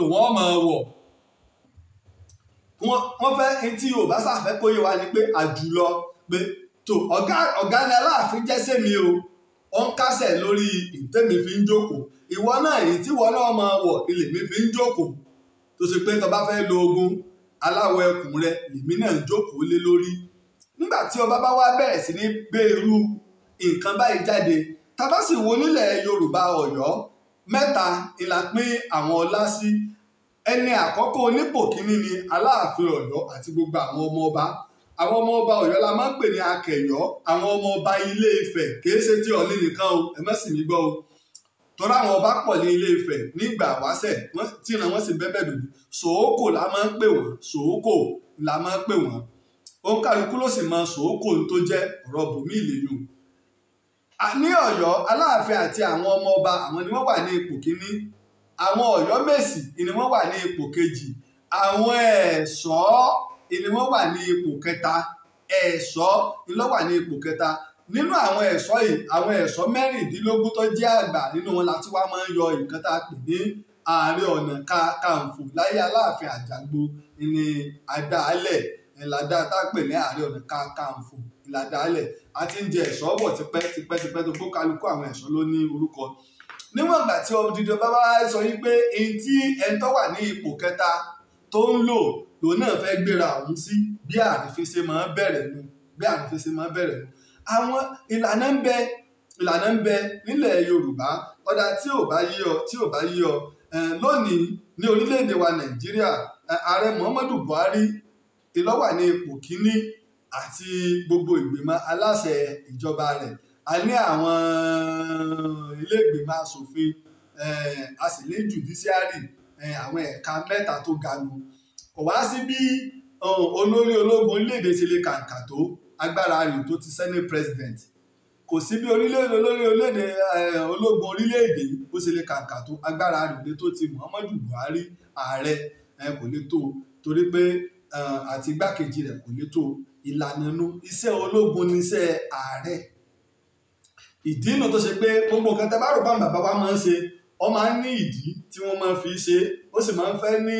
S2: lòun ọmọ wọ̀ wọ́n fẹ́ etí yorùbá sàfẹ́ kó yé wa ni pé àjùlọ pé tó ọ̀gá ọ̀gá ni aláàfin jẹ́ sẹ́mi o ó ń kásẹ̀ lórí ìtẹ́mi fi ń jókòó ìwọ náà èyí tí wọ́n náà máa wọ̀ ilé mi fi ń jókòó tó ṣe pé tó bá fẹ́ lo ogun aláwọ̀ ẹkùn rẹ lèmi náà ń jókòó lé lórí nígbà tí ọba bá wá bẹ̀rẹ̀ sí ní gbé irú nǹkan báyìí jáde tá bá sì wo nílẹ̀ yorùbá ọ̀yọ́ mẹ́ta ìlà pín àwọn ọlá sí ẹni àkọ́kọ́ onípò kínní ni aláàfin ọ̀yọ́ àti gbogbo àwọn ọmọ ọba àwọn ọmọ ọba ọ̀yọ́ la máa ń pè ní akẹ̀yọ́ àwọn ọmọ ọba ilé ifẹ̀ kìí ṣe ti ọ̀ní nìkan o ẹ má sì mí gbọ́ o tọ́lá àwọn ọba pọ̀ ní ilé ifẹ̀ nígbà wáṣẹ̀ tí ìran wọn sì bẹ́bẹ̀ dùdú sòókò la máa ń pè wọ́n sòókò la máa ń pè wọ́n òǹkàlùkù ló sì mọ sòókò tó jẹ́ ọ̀rọ̀ bùnmí ìlẹ́yìn o ní ọ̀yọ́ aláàfin àti àwọn ọmọ ọba àwọn ni wọ́n wà ní ipò kínní àwọn ọ̀yọ́mèsì ni wọ́n wà ní ipò kejì àwọn ẹ̀ṣọ́ ni wọ́n wà ní ipò kẹta ẹ̀ṣọ́ ni wọ́n wà ní ipò kẹta nínú àwọn ẹ̀ṣọ́ yìí àwọn ẹ̀ṣọ́ mẹ́rìndínlógún tó jẹ́ àgbà nínú wọn láti wá máa ń yọ nǹkan tá a pè ní ààrẹ ọ̀nà kakanfò láyé aláàfin àjàgbó ni àdáálẹ̀ ìlàdá tá a pè ní ààrẹ ọ̀nà kakanfò ìlàdálẹ̀ àti ń jẹ ẹ̀ṣọ́ bọ̀ tipẹ́ tó kó kálukú àwọn ẹ̀ṣọ́ ló ní orúkọ níwọ̀n ìgbà tí odidi ọba bá sọ yín pé èyí tí ẹni tó wà ní ipò kẹta tó ń lò lòun náà fẹ́ gbéra òun sí bí àrífín ṣe máa bẹ̀rẹ̀ nu bí àrífín ṣe máa bẹ̀rẹ̀ nu àwọn ìlànà ń bẹ ìlànà ń bẹ nílẹ̀ Yorùbá ọ̀dà tí ò bá yí ọ tí ò bá yí ọ lónìí ní orílẹ̀-èdè wa Nàìjíríà ààrẹ Muhammadu Buhari ìlọ́wà ní ipò kínní àti gbogbo ìgbìmọ̀ aláṣẹ ìjọba rẹ̀ a ní àwọn ilé ìgbìmọ̀ asòfin eh, a sì ní judiciary eh, àwọn ẹ̀ka mẹ́ta tó ga nu kò wá sí bí eh, olórí ológun orílẹ̀-èdè ṣe lè kàǹkà tó agbára rẹ̀ tó ti senate president kò sí bí orílẹ̀-èdè olórí orílẹ̀-èdè ológun orílẹ̀-èdè bó ṣe lè kàǹkà tó agbára rẹ̀ lè tó ti Muhammadu Buhari ààrẹ kò lè tó torí pé àti igbákejì rẹ̀ kò lè tó ìlànà nu iṣẹ́ ológun níṣẹ́ ààrẹ ìdí inú tó ṣe pé gbogbo nǹkan tẹ bá rò báwọn bàbá wa máa ń ṣe ọ máa ń ní ìdí tí wọ́n máa ń fi ṣe ó sì máa ń fẹ́ ní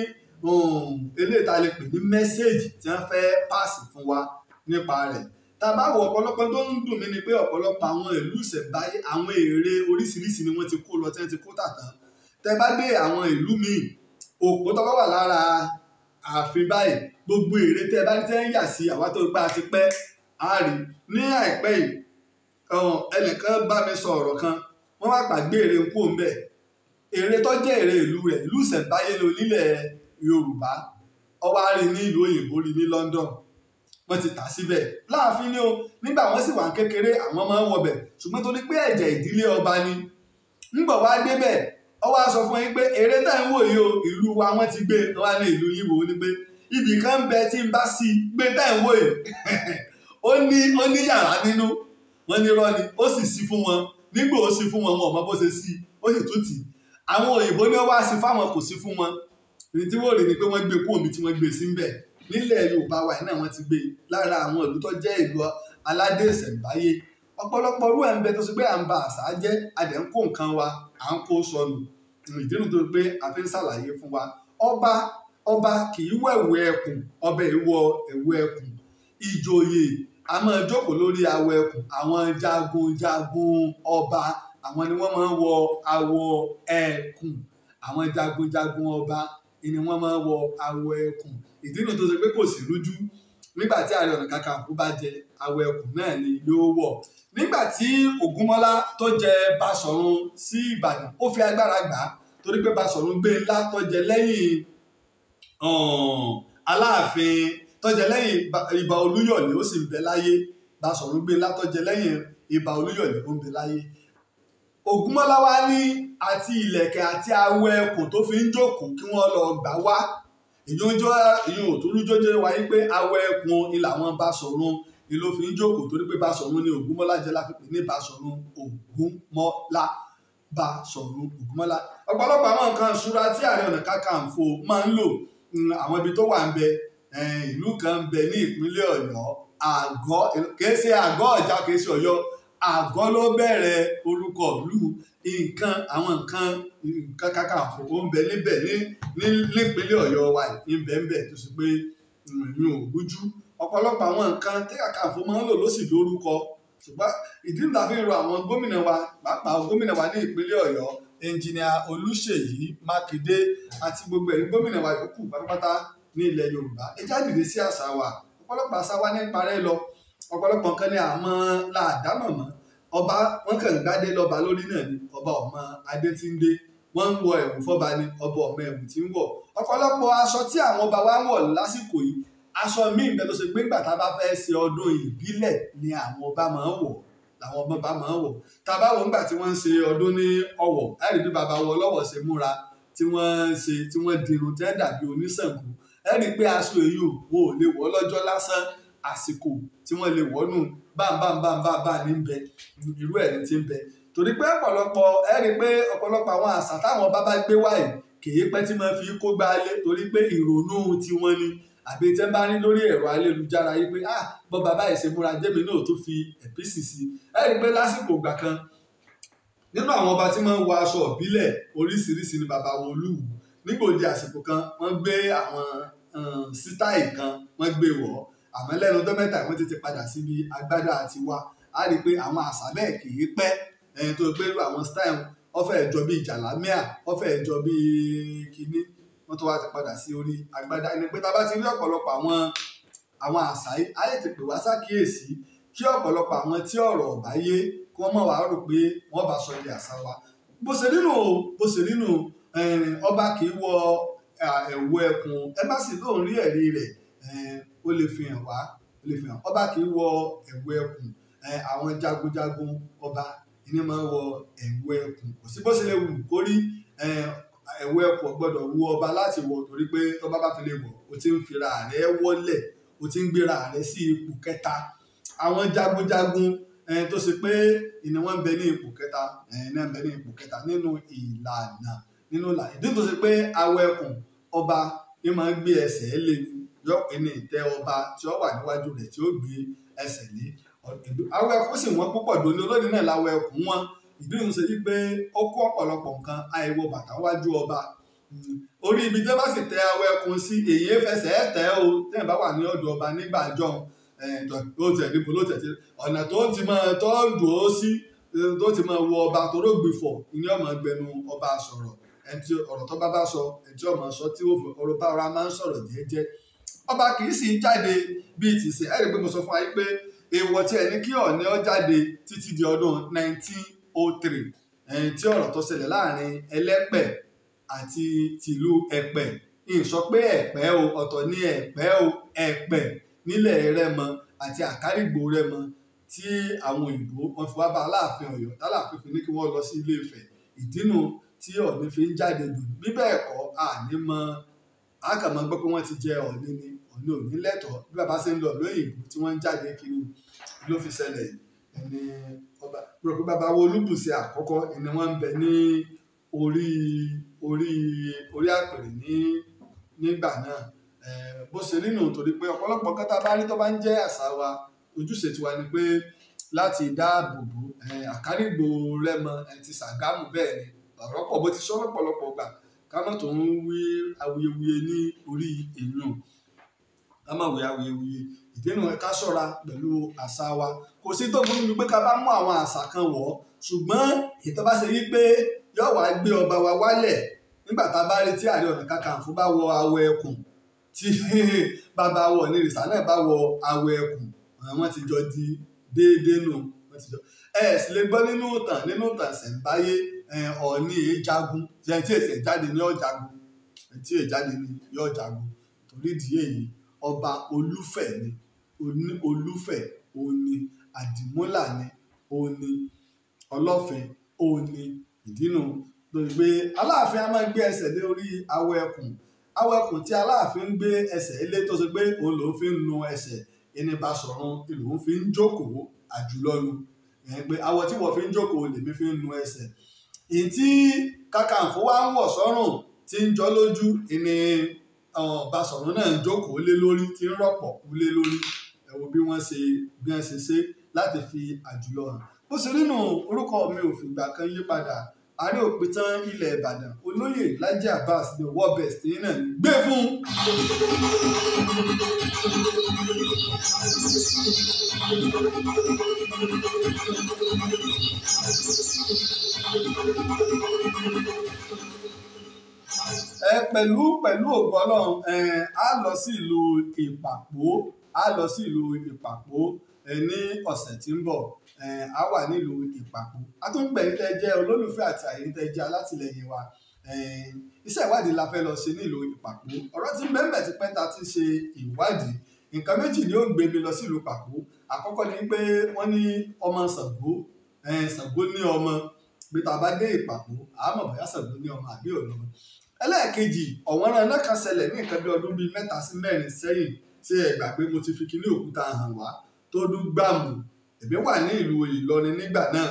S2: um, eléyìí tá a lè pè ní mẹ́sáàgì tí wọ́n fẹ́ pàṣẹ fún wa nípa rẹ̀ tá a bá wo ọ̀pọ̀lọpọ̀ tó ń dùn mí ni pé ọ̀pọ̀lọpọ̀ àwọn ìlú ìṣẹ̀báyé àwọn ère oríṣiríṣi ni wọ́n ti kó lọ tí wọ́n ti kó tàtàn tẹ bá dé àwọn ìlú míì òpó tó bá wà lára ààfin báyìí gbogbo ère tẹ bá ní tẹ́ ń yà sí àwa tó gbá ti pẹ́ á ní àìpẹ́ yìí ẹnìkan bá mi sọ ọ̀rọ̀ kan wọ́n wá pàgbé èrè kú òǹbẹ̀ èrè tó jẹ́ èrè ìlú rẹ̀ ìlú ìṣẹ̀ǹbáyé ló nílẹ̀ yorùbá ọwọ́ á rí ní ìlú òyìnbó rí ní london wọ́n ti tà síbẹ̀ láàfin ni o nígbà wọ́n sì wà kékeré àwọn máa ń wọbẹ̀ ṣùgbọ́n torí pé ẹ̀jẹ̀ ìdílé ọba ni ńgbọ wá débẹ̀ ọwọ́ á sọ fún yín pé èrè náà ń wò yìí o ìlú wa wọ́n ti gbé wọ́n ní ìlú yìí wò ó ní pé ibì kan ń bẹ tí ń bá sí gbé náà ń wò yìí <laughs> ó ní ó ní yàrá nínú wọ́n ní rọ́ọ̀nì ó sì sí fún wọn nígbà ó sì fún wọn wọn ò mọ bó ṣe sí ó sì tún tì í àwọn òyìnbó ní wọ́n wá sí fáwọn kò sí fún wọn ní tí wọ́n rí ni pé wọ́n gbé kó omi tí wọ́n gbé sí ń bẹ̀ nílẹ̀ Yorùbá wa náà wọ́n ti gbé e. lára àwọn ìlú tó jẹ́ ìlú aládé ìṣẹ̀ǹbáyé ọ̀pọ̀lọpọ̀ rú ẹ̀ńbẹ tó ṣe pé à ń ba àṣà jẹ́ adẹ̀ ń kó nǹkan wa à ń kó sọnù ìdínú tó pé a fi ń ṣàlàyé fún wa ọba ọba kì í wọ ẹ̀wù ẹkùn ọbẹ̀ ìwọ ẹ̀wù ẹkùn ìjòyè a máa jókòó lórí awọ ẹkùn àwọn jagunjagun ọba àwọn ni wọ́n máa ń wọ awọ ẹkùn àwọn jagunjagun ọba ni wọ́n máa ń wọ awọ ẹkùn ìdí nìyí tó ṣe pé kò sí rújú nígbà tí ààrẹ ọ̀nà kakanfò bá jẹ awọ ẹkùn náà ni yóò wọ̀ nígbà tí ògúnmọ́lá tó jẹ basọ̀run sí ìbàdàn ó fi agbára gbà á torí pé basọ̀run gbé ńlá tó jẹ lẹ́yìn aláàfin tọ́jẹ́ lẹ́yìn ìbà olúyọ̀lé ó sì ń bẹ láyé Basọ̀run Gbénlá tọ́jẹ́ lẹ́yìn ìbà olúyọ̀lé ó ń bẹ láyé ògúnmọ́lá wá ní àti ìlẹ̀kẹ̀ àti awọ ẹkùn tó fi ń jókòó kí wọ́n lọ gbà wá ìyóńjọ́ ìyún òtúrújọ́jọ́ wáyé pé awọ ẹkùn ilà wọn Basọ̀run ni ló fi ń jókòó torí pé Basọ̀run ni ògúnmọ́lá jẹ́ láfipè ní Basọ̀run ògúnmọ́lá Basọ̀run ògúnmọ́lá ọ̀pọ̀lọpọ̀ àwọn nǹkan ìṣúra tí Ààrẹ Ọ̀nà Kakanfò máa ń lò àwọn ibi tó wà ń bẹ Eh, ìlú kan ń bẹ ní ìpínlẹ̀ ọ̀yọ́ àgọ́ kìí ṣe àgọ́ ọ̀já kìí ṣe ọ̀yọ́ àgọ́ ló bẹ̀rẹ̀ orúkọ ìlú nǹkan àwọn nǹkan nǹkan kàkà ó ń bẹ níbẹ̀ ní nípínlẹ̀ ọ̀yọ́ wa ìbẹ̀ǹbẹ̀ tó sì pé ìrìn mm, òrújú ọ̀pọ̀lọpọ̀ àwọn nǹkan tí kàkà fún máa ń lò ló sì lórúkọ ṣùgbọ́n ìdí níta fi ń rọ àwọn gómìnà wa pàápàá gómìnà wa ní ìpínlẹ̀ ọ̀yọ́ ẹnjìnìà olùṣèyí mákindé àti gbogbo ẹ̀rí gómìnà wa yòókù pátápátá ní yorùbá ẹ dìde sí àṣà wa ọ̀pọ̀lọpọ̀ àṣà wa ní parẹ́ lọ ọ̀pọ̀lọpọ̀ nǹkan ni àmọ́ làdámọ̀ mọ́ ọba wọn kàn gbádé lọ́ba lórí náà ni ọba ọmọ adé ti ń dé wọn ń wọ ẹ̀wù fọ́ba ni ọba ọmọ ẹ̀wù ti ń wọ̀ ọ̀pọ̀lọpọ̀ aṣọ tí àwọn ọba wa ń wọ̀ lásìkò yìí aṣọ míì bẹ́ẹ̀ ló ṣe pé ńgbà tá a bá fẹ́ ṣe ọdún ìbílẹ̀ ni àwọn ọba máa ń wọ̀ làwọn ọmọ bá máa ń wọ̀ tá a bá wọ̀ ńgbà tí wọ́n ń ṣe ọdún ní ọ̀wọ̀ láì rí bí baba wọ ọlọ́wọ̀ ṣe múra tí wọ́n ṣe tí wọ́n dirun tẹ́ dàbí oníṣàngó ẹ rí i pé aṣọ èyí ò wò ó lè wọ́ lọ́jọ́ lásán àsìkò tí wọ́n lè wọ́nù báńbáńbáńbá ní bẹ irú ẹ̀ ní ń bẹ torí pé ọ̀pọ̀lọpọ̀ ẹ pé ọ̀pọ̀lọpọ̀ àwọn àṣà táwọn bàbá gbé wáyé kìí pẹ́ tí wọ́n fi kó gba alẹ́ torí pé ìrònú tiwọn ni àbí tẹ́ bá ní lórí ẹ̀rọ ayélujára yìí pé ah bọ́ bàbá ìṣèmúra jẹ́mi náà tó fi ẹ̀písì sí ẹ pé lásìkò ìgbà kan nínú àwọn ọba tí wọ́n ń wọ aṣọ ìbílẹ̀ oríṣiríṣi ni bàbá wọn olúwo nígbòdì àsìkò kan wọ́n gbé àwọn Um, sítáì kan wọ́n gbé wọ̀ ọ́ àmọ́ lẹ́nu ọjọ́ mẹ́ta wọ́n ti ti padà síbi agbádá àti wa á rí i pé àwọn àṣà bẹ́ẹ̀ kì í pẹ́ ẹni tó gbé lu àwọn sítáì wọ́n fẹ́ jọ bíi jàlámíà wọ́n fẹ́ bíi kínní wọ́n tó wá ti padà sí orí agbádá ẹni pé tá a bá ti rí ọ̀pọ̀lọpọ̀ àwọn àwọn àṣà yìí á lè tètè wá ṣàkíyèsí kí ọ̀pọ̀lọpọ̀ àwọn tí ọ̀rọ̀ ọ̀bá yé kí wọ́n mọ̀ wá rò pé wọ́n bá sọ di àṣà wa bó ṣe nínú bó ṣe nínú ọba kì í wọ ẹ̀wọ́ ẹkùn ẹmbásì lóun rí ẹ̀rí rẹ̀ ó lè fi hàn wá ó lè fi hàn ọba kì í wọ ẹ̀wọ́ ẹkùn àwọn jagunjagun ọba ìní máa ń wọ ẹ̀wọ́ ẹkùn kò sí bó ṣe lè wù kó rí ẹ̀wọ́ ẹkùn gbọ́dọ̀ wù ọba láti wọ torí pé tọ́ba bá fi lè wọ̀ ó ti ń fira rẹ̀ wọ́lẹ̀ ó ti ń gbéra rẹ̀ sí ipò kẹta àwọn jagunjagun tó ṣe pé ìní ń bẹ ní ipò kẹta náà ń bẹ ní ipò kẹta nínú ìlànà nínú ìlà ìdí tó ṣe pé awọ ẹkùn ọba ní máa ń gbé ẹsẹ̀ lé ní yọpẹ ní ìtẹ́ ọba tí ó wà níwájú rẹ̀ tí ó gbé ẹsẹ̀ lé awọ ẹkùn sì wọ́n púpọ̀ dòní olóòdì náà lawọ ẹkùn wọn ìdí ìhùn ṣe wípé ó kó ọ̀pọ̀lọpọ̀ nǹkan àìwọ bàtà wájú ọba orí ibi tẹ́ bá sì tẹ awọ ẹkùn sí èyí fẹsẹ̀ tẹ́ o tẹ́ bá wà ní ọ̀dọ̀ ọba nígbà jọun ó níbo ló tẹ̀ ọ̀nà tó ti máa tọ́ dùn ó sí tó ti máa wọ ọba torógbìfọ̀ ní ọmọ ẹgbẹ̀nu ọba sọ̀rọ̀ ẹtì ọ̀rọ̀ tó bá bá sọ ẹtì ọmọ sọ tí ó fi ọ̀rọ̀ bá ara máa ń sọ̀rọ̀ jẹ́jẹ́ ọba kì í sì jáde bíi ti sè ẹ́ rí i pé mo sọ fún wa pé èèwọ̀ tí ẹni kí Ọọ̀ni ó jáde títí di ọdún 1903 ẹ̀yìn tí ọ̀rọ̀ tó ṣẹlẹ̀ láàrin Ẹlẹ́pẹ̀ àti tìlú Ẹ̀pẹ̀ ìsọ pé Ẹ̀pẹ́ o ọ̀tọ̀ ní Ẹ̀pẹ́ o Ẹ̀pẹ̀ nílẹ̀ Rẹ́mọ àti Àkárìgbò Rẹ́mọ tí àwọn òyìnbó wọn fi wá bá Aláàfin Ọ̀yọ́ tálàfin fi ní kí wọ́n lọ sí Ilé Ifẹ̀ ìdínú tí ọ̀nì fi ń jáde lù bí bẹ́ẹ̀ kọ́ àní mọ àkàmọ́ gbọ́ pé wọ́n ti jẹ ọ̀nì ni ọ̀nì ò ní lẹ́tọ̀ọ́ bí bàbá ṣe ń lọ lóyìnbó tí wọ́n ń jáde kiri ló fi ṣẹlẹ̀ ẹni ọba rò pé bàbá wo olúbùsẹ̀ àkọ́kọ́ ẹni wọ́n ń bẹ ní orí orí orí àpèrè ní nígbà náà bó ṣe rí nù torí pé ọ̀pọ̀lọpọ̀ kọ́tà bá rí tó bá ń jẹ́ àṣà wa ojúṣe tiwa ni pé láti dáàbò bo àkárìgbò rẹmọ ti ṣàgámù bẹ́ẹ̀ ni ọ̀rọ̀ pọ̀ bó ti sọ lọ́pọ̀lọpọ̀ gbà ká má tó ń wí awuyewuye ní orí èèyàn ká má wí awuyewuye ìdínú ká ṣọ́ra pẹ̀lú àṣà wa kò sí tó burú wípé ká bá mú àwọn àṣà kan wọ̀ ṣùgbọ́n ìtọ́ba ṣe wípé yóò wá gbé ọba wa wálẹ̀ nígbà tá a bá rí tí Ààrẹ Ọ̀nà Kakanfò bá wọ awọ ẹkùn tí <laughs> bàbá wọ ní rìsà náà bá wọ awọ ẹkùn wọ́n ti jọ di déédéé nù ẹ̀ sì lè gbọ́ nínú ìtàn nínú ìtàn ṣẹ̀ǹbáyé ọ̀ọ́ni èéjagun e ẹni tí èsè jáde ní ọ̀jagun ẹni tí èjáde ní ọ̀jagun torí ìdí èyí ọba olúfẹ̀ ni olúfẹ̀ òní àdìmúlà ni òní ọlọ́fẹ̀ òní ìdínú lórí pé aláàfin a máa ń gbé ẹsẹ̀ lé orí awọ ẹkùn awọ ẹkùn tí aláàfin ń gbé ẹsẹ̀ ilé tó ṣe pé òun lòún fi ń nu ẹsẹ̀ ẹnìbàṣọ̀run lòún fi ń jókòó àjùlọ́nu ẹ̀ pé awọ tí wọ́n fi ń jókòó lèmi fi ń nu ẹsẹ̀ ìtí kàkàǹfò wa ń wọ̀ sọ́rùn tí ń jọ lójú ìní Basọ̀run náà ń jókòó lé lórí tí ń rọ̀pọ̀ lé lórí ẹ bí wọ́n ṣe bí wọ́n ṣe ṣe láti fi àjùlọ hàn bó ṣe nínú orúkọ mi ò fìgbà kan yí padà àárẹ̀ òpin tán ilẹ̀ ìbàdàn olóyè Laji Abbas the war best ní náà gbé fún. ẹ pẹ̀lú pẹ̀lú ògbọ́lọ̀ ẹ á lọ sí ìlú ìpàpó á lọ sí ìlú ìpàpó ẹ ní ọ̀sẹ̀ tí ń bọ̀ a wà nílùú ìpàpọ̀ atúngbẹ̀yìn tẹ́ jẹ́ olólùfẹ́ àti àyè tẹ́ jẹ́ alátìlẹyìn wa iṣẹ́ ìwádìí la fẹ́ lọ ṣe nílùú ìpàpọ̀ ọ̀rọ̀ tí bẹ́ẹ̀ ti pẹ́ ta ti ṣe ìwádìí nǹkan méjì ni ó ń gbé mi lọ sílùú pàpọ̀ àkọ́kọ́ ni pé wọ́n ní ọmọ Ṣàngó Ṣàngó ní ọmọ bí tá bá dé ìpàpọ̀ àmọ́ bóyá Ṣàngó ní ọmọ àbí ọ̀nà ẹlẹ́ẹ̀kejì ọ̀wọ́n rán iná kan ṣẹlẹ̀ ní nǹkan bí ọdún bíi mẹ́ta sí mẹ́rin sẹ́yìn ṣé ẹ pé mo ti fi kinní òkúta hàn wá tó dún gbàmù èmi wà ní ìlú Ìlọrin nígbà náà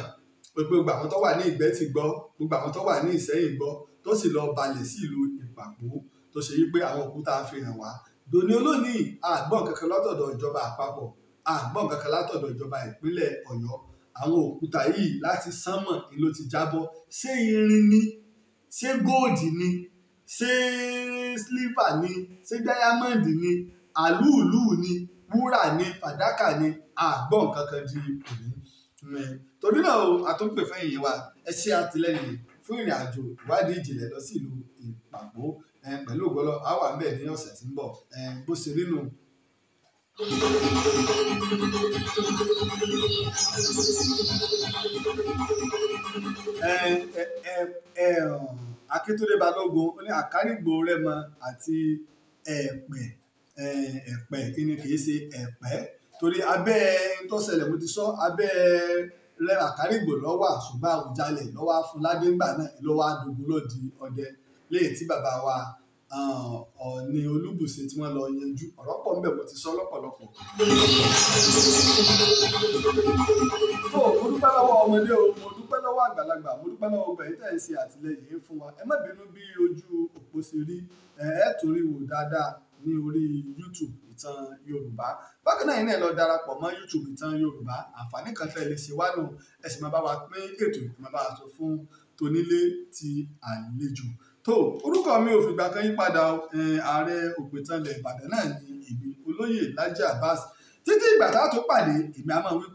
S2: gbogbo àwọn tó wà ní Ìgbẹ́tì gbọ́ gbogbo àwọn tó wà ní Ìsẹ́yìn gbọ́ tó sì lọ balẹ̀ sí ìlú Ìpàpọ̀ tó ṣe wípé àwọn òkúta fi hàn wá dòní olónìí àgbọn kankan látọ̀dọ̀ ìjọba àpapọ̀ àgbọn kankan látọ̀dọ̀ ìjọba ìpínlẹ̀ Ọ̀yọ́ àwọn òkúta yìí láti sánmọ̀ ni ló ti jábọ́ ṣé irin ni ṣé góòdì ni ṣé sílífà ni ṣé dáyámọ́ǹdì ni àlúùlù ni wúrà ni fàdákà ni àgbọn kankan di òní torí náà o àtúnpè fẹyìn yìí wa ẹ ṣe àtìlẹ́yìn fún ìrìn àjò ìwádìí ìjìnlẹ̀ lọ sí ìlú ìpàgbó pẹ̀lú ògbọlọ àwa ń bẹ ní ọ̀sẹ̀ tí ń bọ̀ bó ṣe rí nù. Akíntúndé Balógun ó ní Àkárìgbò Rẹ́mọ àti Ẹ̀pẹ̀ ẹ̀pẹ̀ ìní kìí ṣe ẹ̀pẹ́ torí abẹ́ tó ṣẹlẹ̀ mo ti sọ abẹ́ rẹ́rà kárígbò lọ́wọ́ àṣùgbọ́n Àwùjalè lọ́wọ́ afúnládé ńgbà náà lọ́wọ́ adogun ló di ọdẹ lẹ́yìn tí bàbá wa Ọọ̀ni Olúbùṣe tí wọ́n lọ yanjú ọ̀rọ̀ pọ̀ ńbẹ̀ mo ti sọ lọ́pọ̀lọpọ̀. tó mo dúpẹ́ lọ́wọ́ ọmọdé o mo dúpẹ́ lọ́wọ́ àgbàlagbà mo dúpẹ́ lọ́wọ́ ọgbà yìí tẹ̀ ń ṣe àtìlẹyìn fún wa ẹ má bínú bí ojú òpó ṣe rí ẹ̀ẹ́ torí wò dáadáa ní orí YouTube ìtàn Yorùbá bákan náà yìí náà lọ darapọ̀ mọ́ YouTube ìtàn Yorùbá àǹfààní kan tẹ́ lè ṣe wá nù ẹ máa bá wa pín ètò ẹ máa bá wa sọ fún tonílé ti àlejò tó orúkọ mi ò fìgbà kan yípadà ààrẹ òpìtànlẹ̀ Ìbàdàn náà ni èmi olóyè Laji Abbas títí ìgbà tá a tó pàdé èmi a máa wí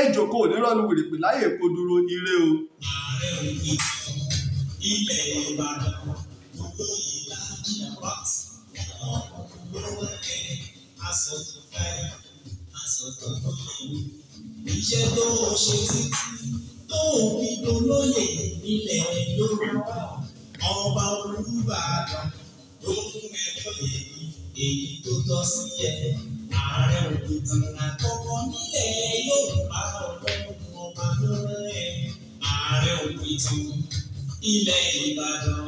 S2: ẹ jòkó onírọ́lù wèrèpè láyè kó dúró ire o. ààrẹ òkú ilẹ̀ Ìbàdàn
S1: Iṣẹ́ tó ń ṣe títí tó ń fi dolóyè nílẹ̀ Yorùbá ọba Olúbàdàn ló fún ẹjọ́ yẹn èyí tó tọ́ sí ẹ̀ ààrẹ òkùnkùn àkọ́kọ́ nílẹ̀ Yorùbá ọlọ́run ọba lọ́rẹ́ ààrẹ òkùnkùn ilẹ̀ Ìbàdàn.